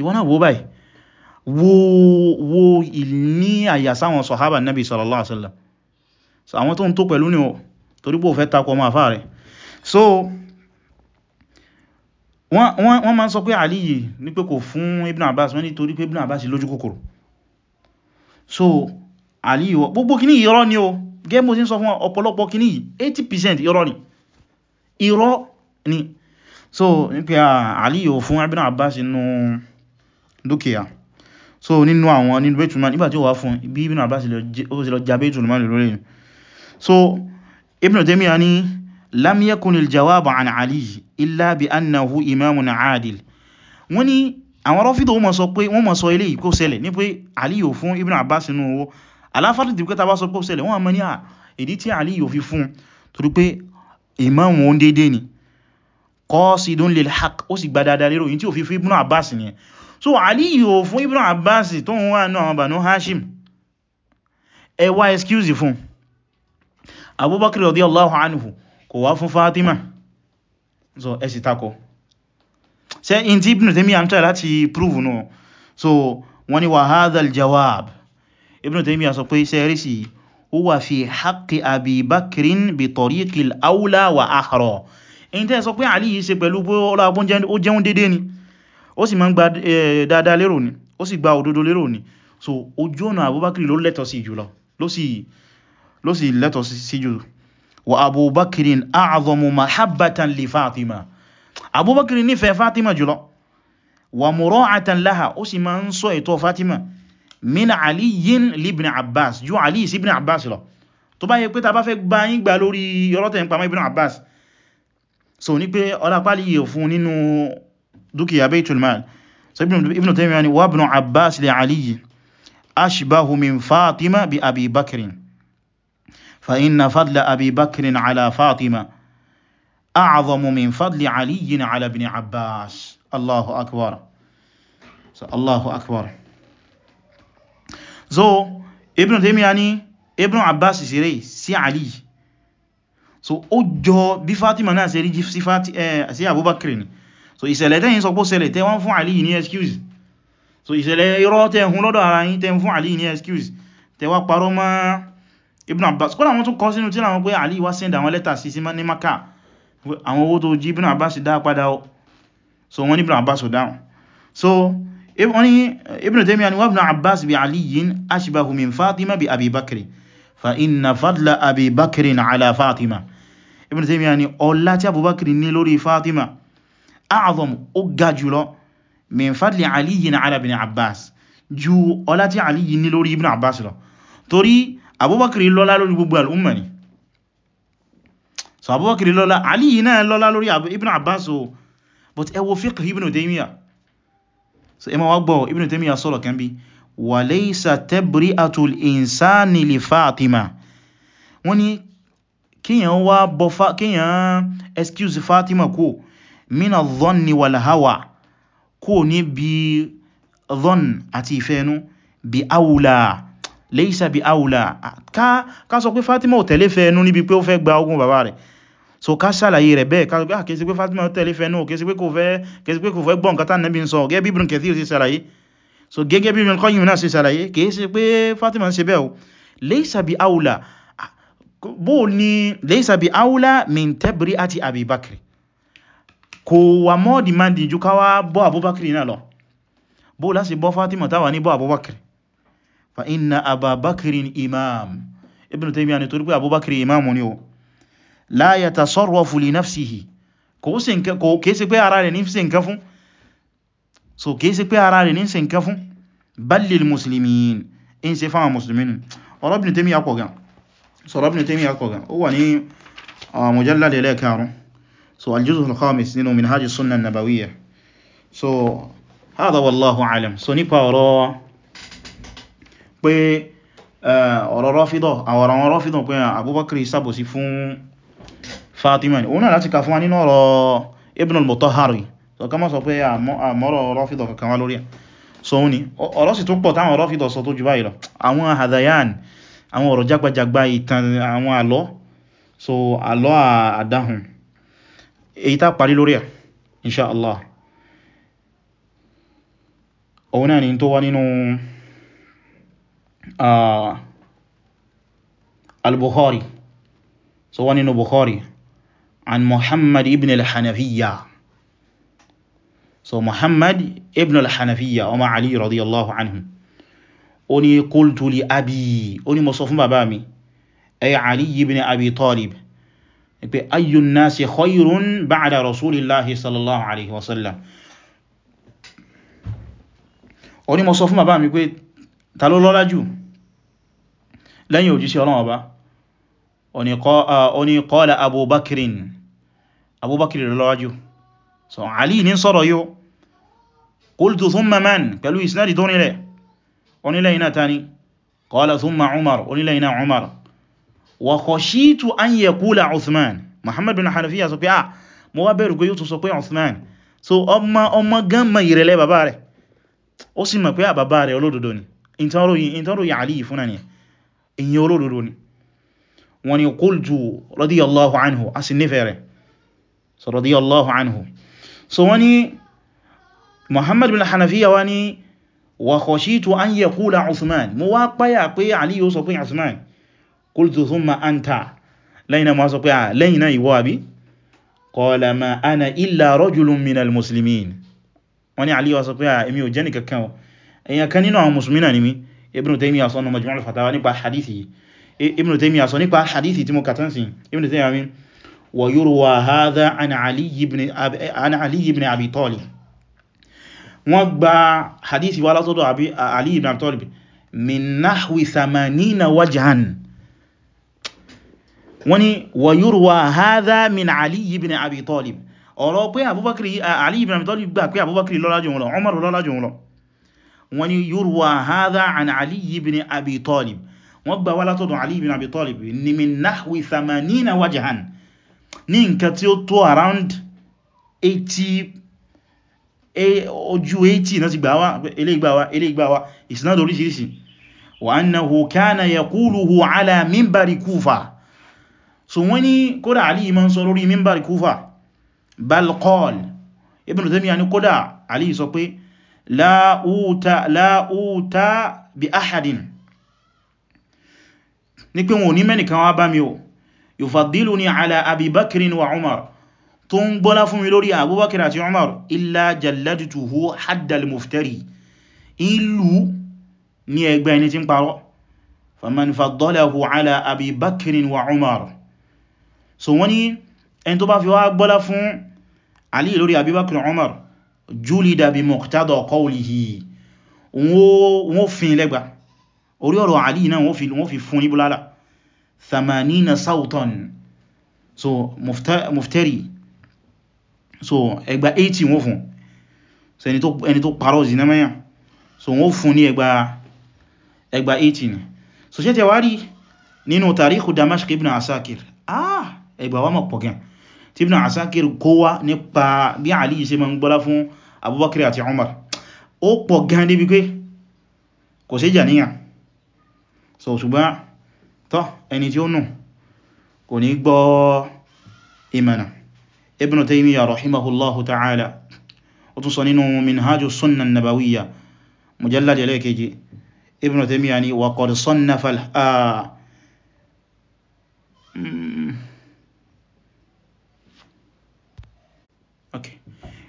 ìwọ́n náà wo báyìí wo wo ní àyàsáwọn sọ̀hábà Nabi sallallahu alaihi wasallam so àwọn tó ń tó pẹ̀lú ni ó torí pé ò fẹ́ takọ ọmọ àfáà rẹ̀ so wọ́n ma ń sọ pé aliyi ní pé kò fún ibn abbas wọ́n ní torí pé ibn abbas lójú kòkòrò so aliyi wọ́n gbogbo kìní irọ́ ni o gẹ́mù sí sọ fún ọ̀pọ̀lọpọ̀ kìní 80% irọ́ ni irọ́ ni so ní pé ah, aliyi ò fún ibn abbas nínú dúkìá so nínú àwọn nínú betulman nígbàtí ó wá fún bí ibn abbas ó sì lọ jabé betulman lórí so ibn taymiya ni lam yakun al-jawab an ali illa bi annahu imamun adil wọ́n ní àwọn rọ́fídò wọ́n sọ pé wọ́n sọ ilé ìkó ṣẹlẹ̀ ní pé ali yóò fún ibn abbas nínú owó aláfàdì tí pẹ́ta bá sọ pé ṣẹlẹ̀ wọ́n mọ́ ní à ìdí tí ali yóò fi fún torí pé imamu wọn dédé ni qasidun lil haqq ó sì gba dáadáa lérò yìí tí ò fi fún ibn abbas nìyẹn so ali yóò fún ibn abbas tó ń wà náà banu hashim ẹ wá excuse fún abubakar radiyallahu anhu kò wá fún Fatima so ẹ sì takọ̀ ṣe in tí Ibn Taymiyyah ń tọ́ láti prove nù so wọ́n ni wa hadha al-jawab Ibn Taymiyyah sọ pé ṣe rí sí huwa fi haqqi Abi Bakrin bi tariqi al-awla wa ahra in tẹ́ sọ pé Ali yìí ṣe pẹ̀lú bóla ó jẹun dédé ni ló sì lẹ́tọ̀ sí jùlọ wa abubakirin a'azomu mahabbatan li fatima abubakirin nífẹ̀ẹ́ fatima jùlọ wa mura'atan laha ó sì máa ń sọ ètò fatima min aliyin libin abbas ju aliyi sí ibn abbas lọ tó bá yẹ pé ta bá fẹ́ gba yín gbà lórí yọrọ̀tẹ̀ nípa ibn abbas so ní pé ọlápàá yíò fún nínú dúkìá baitul mal so ibn taymiyyah wa ibn abbas li aliyi ashbahu min fatima bi abi bakrin فإن فضل أبي بكر على فاطمة أعظم من فضل علي على ابن عباس الله أكبر الله أكبر so Ibn Taymiyyah ní Ibn Abbas ṣe rẹ̀ Ali so ó jọ bí Fatima náà ṣe rí sí eh, sí Abubakar ni so ìṣẹ̀lẹ̀ tẹ́yìn sọ pó ṣẹlẹ̀ tẹ́ wọ́n fún Ali ní excuse so ìṣẹ̀lẹ̀ irọ́ tẹ́ hun lọ́dọ̀ ara yín tẹ́ fún Ali ní excuse tẹ́ wá parọ́ máa Ibn Abbas kọ́lá wọn tún kọ sínú tí àwọn pé Ali wá send àwọn lẹ́tà sí sí ní Maka àwọn owó tó jí Ibn Abbas dá padà ó so wọ́n ní Ibn Abbas ò dáhùn so wọ́n ní eh, Ibn Taymiyyah ni wa Ibn Abbas bi Aliyin ashbahu min Fatima bi Abi Bakri fa inna fadla Abi Bakri ala Fatima Ibn Taymiyyah ni ọlá tí Abubakri ní lórí Fatima a'zam ó ga jùlọ min fadli Aliyin ala Ibn Abbas ju ọlá tí Aliyin ní lórí Ibn Abbas lọ torí abubakar lọ́lá lórí gbogbo al'umma ni so abubakar lọ́lá aliyu náà lọ́lá lórí ibn abbas o but ẹ wo fiqh ibn taymiya so ẹmọ wá gbọ́ ibn taymiya sọ́lọ̀ kan bí wa laysa tabri'atul insani li fatima wọ́n ni kíyàn wá bọ́fá kíyàn excuse fatima kó mina dhanni wal kó ní bí dhann àti ìfẹ́nu bí aula laysa bi awla ká sọ pé Fatima ò tẹ̀lé fẹ́ ẹnu níbi pé ó fẹ́ gba ogún bàbá rẹ̀ so ká ṣàlàyé rẹ̀ bẹ́ẹ̀ ká sọ pé ah, kìí ṣe pé Fatima ò tẹ̀lé fẹ́ ẹnu kìí ṣe pé kò fẹ́ gbọ́n nǹkan tán Nábì ń sọ gẹ́gẹ́ bí Ibn Kathir ṣe ṣàlàyé so gẹ́gẹ́ bí Ibn Qayyim náà ṣe ṣàlàyé kìí ṣe pé Fatima ń ṣe bẹ́ẹ̀ o laysa bi awla bó ní laysa bi awla min tabri'ati Abi Bakr kò wà mọ́ dìmáàdì ju káwà bọ́ Abubakar náà lọ bó láti bọ́ Fatima táwà ní bọ́ Abubakar fa inna abubakirin imam ibn taymiya ni torí pé abubakiri imam ni o la yatasarrafu li nafsihi kò kìí ṣe pé ara rẹ̀ ní ṣe nǹkan fún so kìí ṣe pé ara rẹ̀ ní ṣe nǹkan fún balil muslimin in ṣe fáwọn muslimin ọ̀rọ̀ ibn taymiya kọ̀ gan sọ̀rọ̀ ibn taymiya kọ̀ ó wà ní mujallad ẹlẹ́karùn so aljuzul al khamis nínú minhajus sunnah nabawiyya so hadha wallahu alam so nípa ọ̀rọ̀ pé ọ̀rọ̀ rọ́fídọ̀ àwọn rọ́fídọ̀ pé abubakar sàbòsí fún fatima ni òun náà láti kà fún wa nínú ọ̀rọ̀ ibn al-mutahari so ká mọ́ sọ pé àmọ́rọ̀ rọ́fídọ̀ kankan wá lórí ẹ̀ so òun ni ọ̀rọ̀ sì tún pọ̀ táwọn rọ́fídọ̀ sọ tó jù báyìí lọ àwọn hadayan àwọn ọ̀rọ̀ jágbàjagbà ìtàn àwọn àlọ́ so àlọ́ àdáhùn èyí tá parí lórí ẹ̀ inṣáàlá òun náà ni tó wá nínú uh, al-Bukhari so wọ́n nínú Bukhari an Muhammad ibn al-Hanafiya so Muhammad ibn al-Hanafiya ọmọ Ali radiyallahu anhu ó ní qultu li abi ó ní mo sọ fún bàbá mi ay Ali ibn Abi Talib pé ayyun nasi khayrun ba'da rasulillahi sallallahu alaihi wasallam ó ní mo sọ fún bàbá mi pé ta ló lọ́lá jù lẹ́yìn òjíṣẹ́ Ọlọ́run Ọba oní qala abubakirin abubakir lọ́wájú so ali ní sọ́rọ̀ yóò qultu thumma man pẹ̀lú isnadi tó nílẹ̀ onílẹ̀ iná tani qala thumma umar onílẹ̀ iná umar wa khashitu an yaqula uthman muhammad bin hanafiya sọ pé ah mo wá bẹ̀rù pé yóò tún sọ so ọmọ ọmọ gan mọ ìrẹ̀lẹ̀ bàbá rẹ̀ ó sì mọ̀ pé àbàbá ah, rẹ̀ olódodo ni èyàn olódodo ni wọ́n ni qultu radiyallahu anhu a sì nífẹ̀ẹ́ rẹ̀ so radiyallahu anhu so wọ́n ni Muhammad bin Hanafiya wá ní wa khashitu an yaqula Uthman mo wá páyà pé Ali yóò sọ pé Uthman qultu thumma anta lẹ́yìn náà ma sọ pé lẹ́yìn náà ìwọ àbí qala ma ana illa rajulun minal muslimin wọ́n ni Ali wá sọ pé èmi ò jẹ́ nìkankan èyàn kan nínú àwọn musulmi náà ni mi ibn taymiya sọ nínú majmu'ul fatawa nípa hadithi ibn taymiya sọ nípa hadithi tí mo kàtán sí ibn taymiya min wa yurwa hadha an ali ibn abi talib wọ́n gba hadithi wá látọ́dọ̀ ali ibn abi talib min nahwi thamanina wajhan wọ́n ni wa yurwa hadha min ali ibn abi talib ọ̀rọ̀ pé abubakar ali ibn abi talib gbà pé abubakar lọ́lá jù wọn lọ umar lọ́lá jù wọn lọ wọ́n ní yurwa hadha an ali ibn abi talib wọ́n gbà wá látọ̀dọ̀ ali ibn abi talib ni min nahwi 80 wajhan ní nǹkan tí ó tó around 80 e, ojú 80 náà ti gbà wá ilé ìgbà wá ilé ìgbà wá ìsinádò oríṣìíríṣìí wa annahu kana yaquluhu ala minbari kufa so wọ́n ní kódà ali ma sọ lórí minbari kufa balqol ibn taymiyyah ní kódà ali sọ pé la uta la uta bi ahadin ní pé wọn ò ní mẹ́nìkan wá bá mi o yufaddiluni ala abi bakrin wa umar tó ń gbọ́lá fún mi lórí abubakar àti umar illa jalladtuhu haddal muftari ìlú ní ẹgbẹ́ ẹni tí ń parọ́ faman faddalahu ala abi bakrin wa umar so wọ́n ẹni tó bá fi wá gbọ́lá fún ali lórí abi umar júlìdà bí mọ̀kútádọ̀ qawlihi wọ́n fin lẹ́gbà orí ọ̀rọ̀ àlì náà wọ́n fi fún ní búlálà thamanina sautan so muftari so ẹgbà 80 wọ́n fún so ẹni tó parọ́ zina mẹ́yàn so wọ́n fún ní ẹgbà 80 ni so ṣe tẹwàrí nínú tàríkù Damashq ibn Asakir ah ẹgbà wọ́n mọ̀ pọ̀gẹn tí ibn Asakir kó wá nípa bí àlì ṣe ma ń gbọ́lá fún abubakar àti umar ó pọ̀ gan débi pé kò sí jàníyàn so ṣùgbọ́n tọ́ ẹni tí ó nù kò ní gbọ́ ìmọ̀nà ibn taymiyyah rahimahullahu ta'ala ó tún sọ nínú minhajus sunna nabawiyya mujallad ẹlẹ́kejì ibn taymiyyah ni wa qad sannafa hmm. okay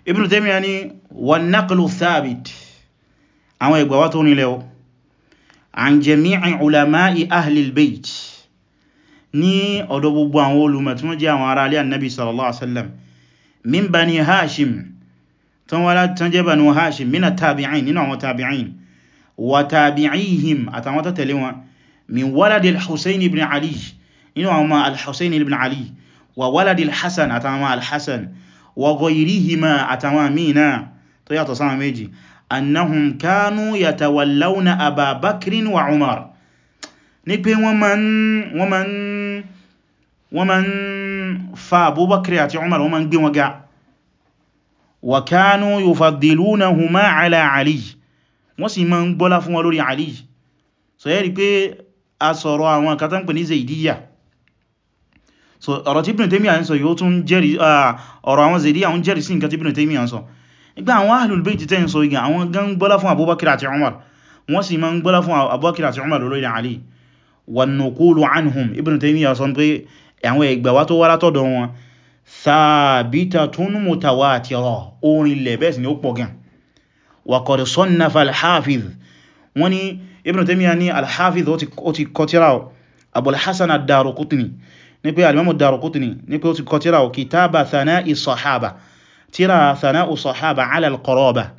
ibn taymiyyah ni والنقل الثابت àwọn ìgbàwà tó nílẹ̀ o عن جميع علماء أهل البيت ní ọ̀dọ̀ gbogbo àwọn olùmọ̀ tí wọ́n jẹ́ àwọn ará alẹ́ annabi sallallahu alaihi wasallam min bani hashim tán wá látán jẹ́ bani hashim mina tabi'in nínú àwọn tabi'in wa tabi'ihim àtàwọn tó tẹ̀lé wọn min waladil hussein ibn ali nínú àwọn al-hussein ibn ali wa waladil hassan àtàwọn al-hassan wa ghayrihima àtàwọn mìíràn tó yàtọ̀ sáwọn méjì annahum kanu yatawallawna Aba Bakrin wa Umar ní pé wọ́n ma ń fa Abu Bakr àti Umar wọ́n ma ń gbé wọn ga wa kanu yufaddilunahuma ala Ali wọ́n sì ma ń gbọ́lá fún wọn lórí Ali so yẹ́rì pé a sọ̀rọ̀ àwọn akátán pè ní Zaidiyya so ọ̀rọ̀ tí Ibn Taymiyyah ń ń sọ nígbà àwọn ahlul bayt tẹ́ ń sọ igan àwọn gan gbọ́lá fún abubakir àti umar wọ́n sì máa ń gbọ́lá fún abubakir àti umar lórí ali wan nuqulu anhum ibn taymiyyah sọ pé àwọn ẹgbà wá tó wá látọ̀dọ̀ wọn thabitatun mutawatirah orin ilẹ̀ bẹ́ẹ̀ sì ni ó pọ̀ gan wa qad sannafa al-hafiz wọ́n ni ibn taymiyyah ni al-hafiz ó ti kọtíra abul hasan ad-darqutni ní pé al-imam ad-darqutni ní pé ó ti kọtíra kitaba thana'i sahaba ترى ثناء الصحابة على القرابة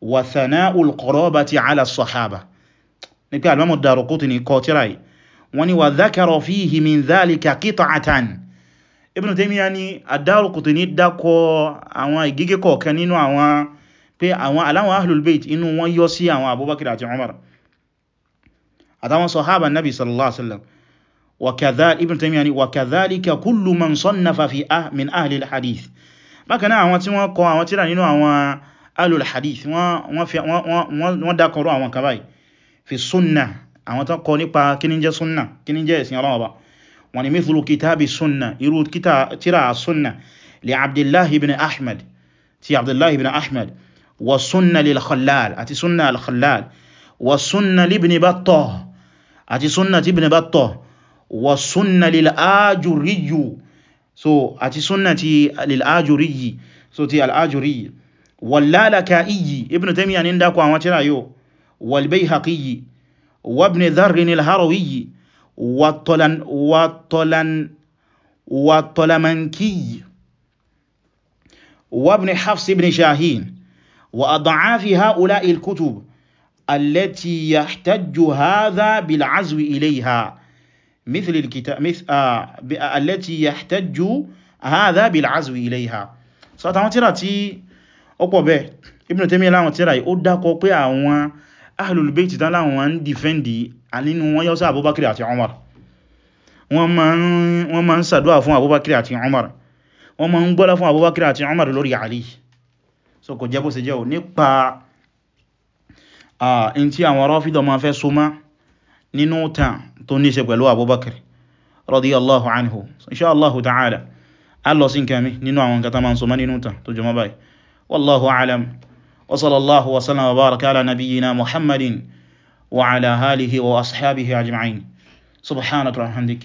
وثناء القرابة على الصحابة نبقى المام الدار قطني كوتراي واني وذكر فيه من ذلك قطعة ابن تيمي يعني الدار قطني داكو اوان جيجي كو كانينو اوان بي اوان الان اهل البيت انو وان يوسي اوان ابو بكر عتي عمر اتاوا صحابة النبي صلى الله عليه وسلم وكذا ابن تيمي يعني وكذلك كل من صنف في أه من اهل الحديث bákan náà àwọn tí wọ́n kọ àwọn tírà nínú àwọn alul hadith wọ́n dákọrọ àwọn kan báyìí fi sunna àwọn tó kọ nípa kíní jẹ́ sunna kíní jẹ́ ẹ̀sìn Ọlọ́run Ọba wọ́n ní mithlu kitabi sunna irú tírà sunna li abdullahi ibn ahmad ti abdullahi ibn ahmad wa sunna lil khallal àti sunna al khallal wa sunna li ibn battah àti sunna ti ibn battah wa sunna lil ajuriyyu so àti súnnà ti al'ajuriyi so ti al'ajuriyi wallalakaiyi ibn taymiyyah ní dákọ àwọn tíra yóò walbayhaqiyi wabni dharrin al-harawiyi watolamankiyi wabni hafs ibn shahin wa adha'afi ha'ula'i al-kutub allati yahtajju hadha bil'azwi ilayha مثل الكتاب مثل آه التي يحتج هذا بالعزو إليها so àtàwọn tírà tí ó pọ̀ bẹ́ẹ̀ Ibn Taymiyyah láwọn tírà yìí ó dákọ pé àwọn Ahlul Bayt tán láwọn ń dìfẹ́ndì ànínú wọn yọ́ sí Abubakar àti Umar wọ́n ma ń sàdúwà fún Abubakar àti Umar wọ́n ma ń gbọ́lá fún Abubakar àti Umar lórí Ali so kò jẹ́ bó ṣe jẹ́ ò nípa in tí àwọn Rāfidah ma fẹ́ súnmọ́ nínú tàn tó ṣe pẹ̀lú abubakar radiyallahu anhu insha Allahu ta'ala a lọ sí nínú àwọn kata ma ń so mọ́ nínú ta tó jama báyìí wallahu alam wa sallallahu wa sallam baraka ala nabiyyina muhammadin wa ala alihi wa ashabihi ajma'in subhanaka wa hamdik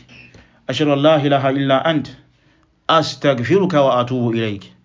ashhadu an la ilaha illa ant astaghfiruka wa atubu ilayk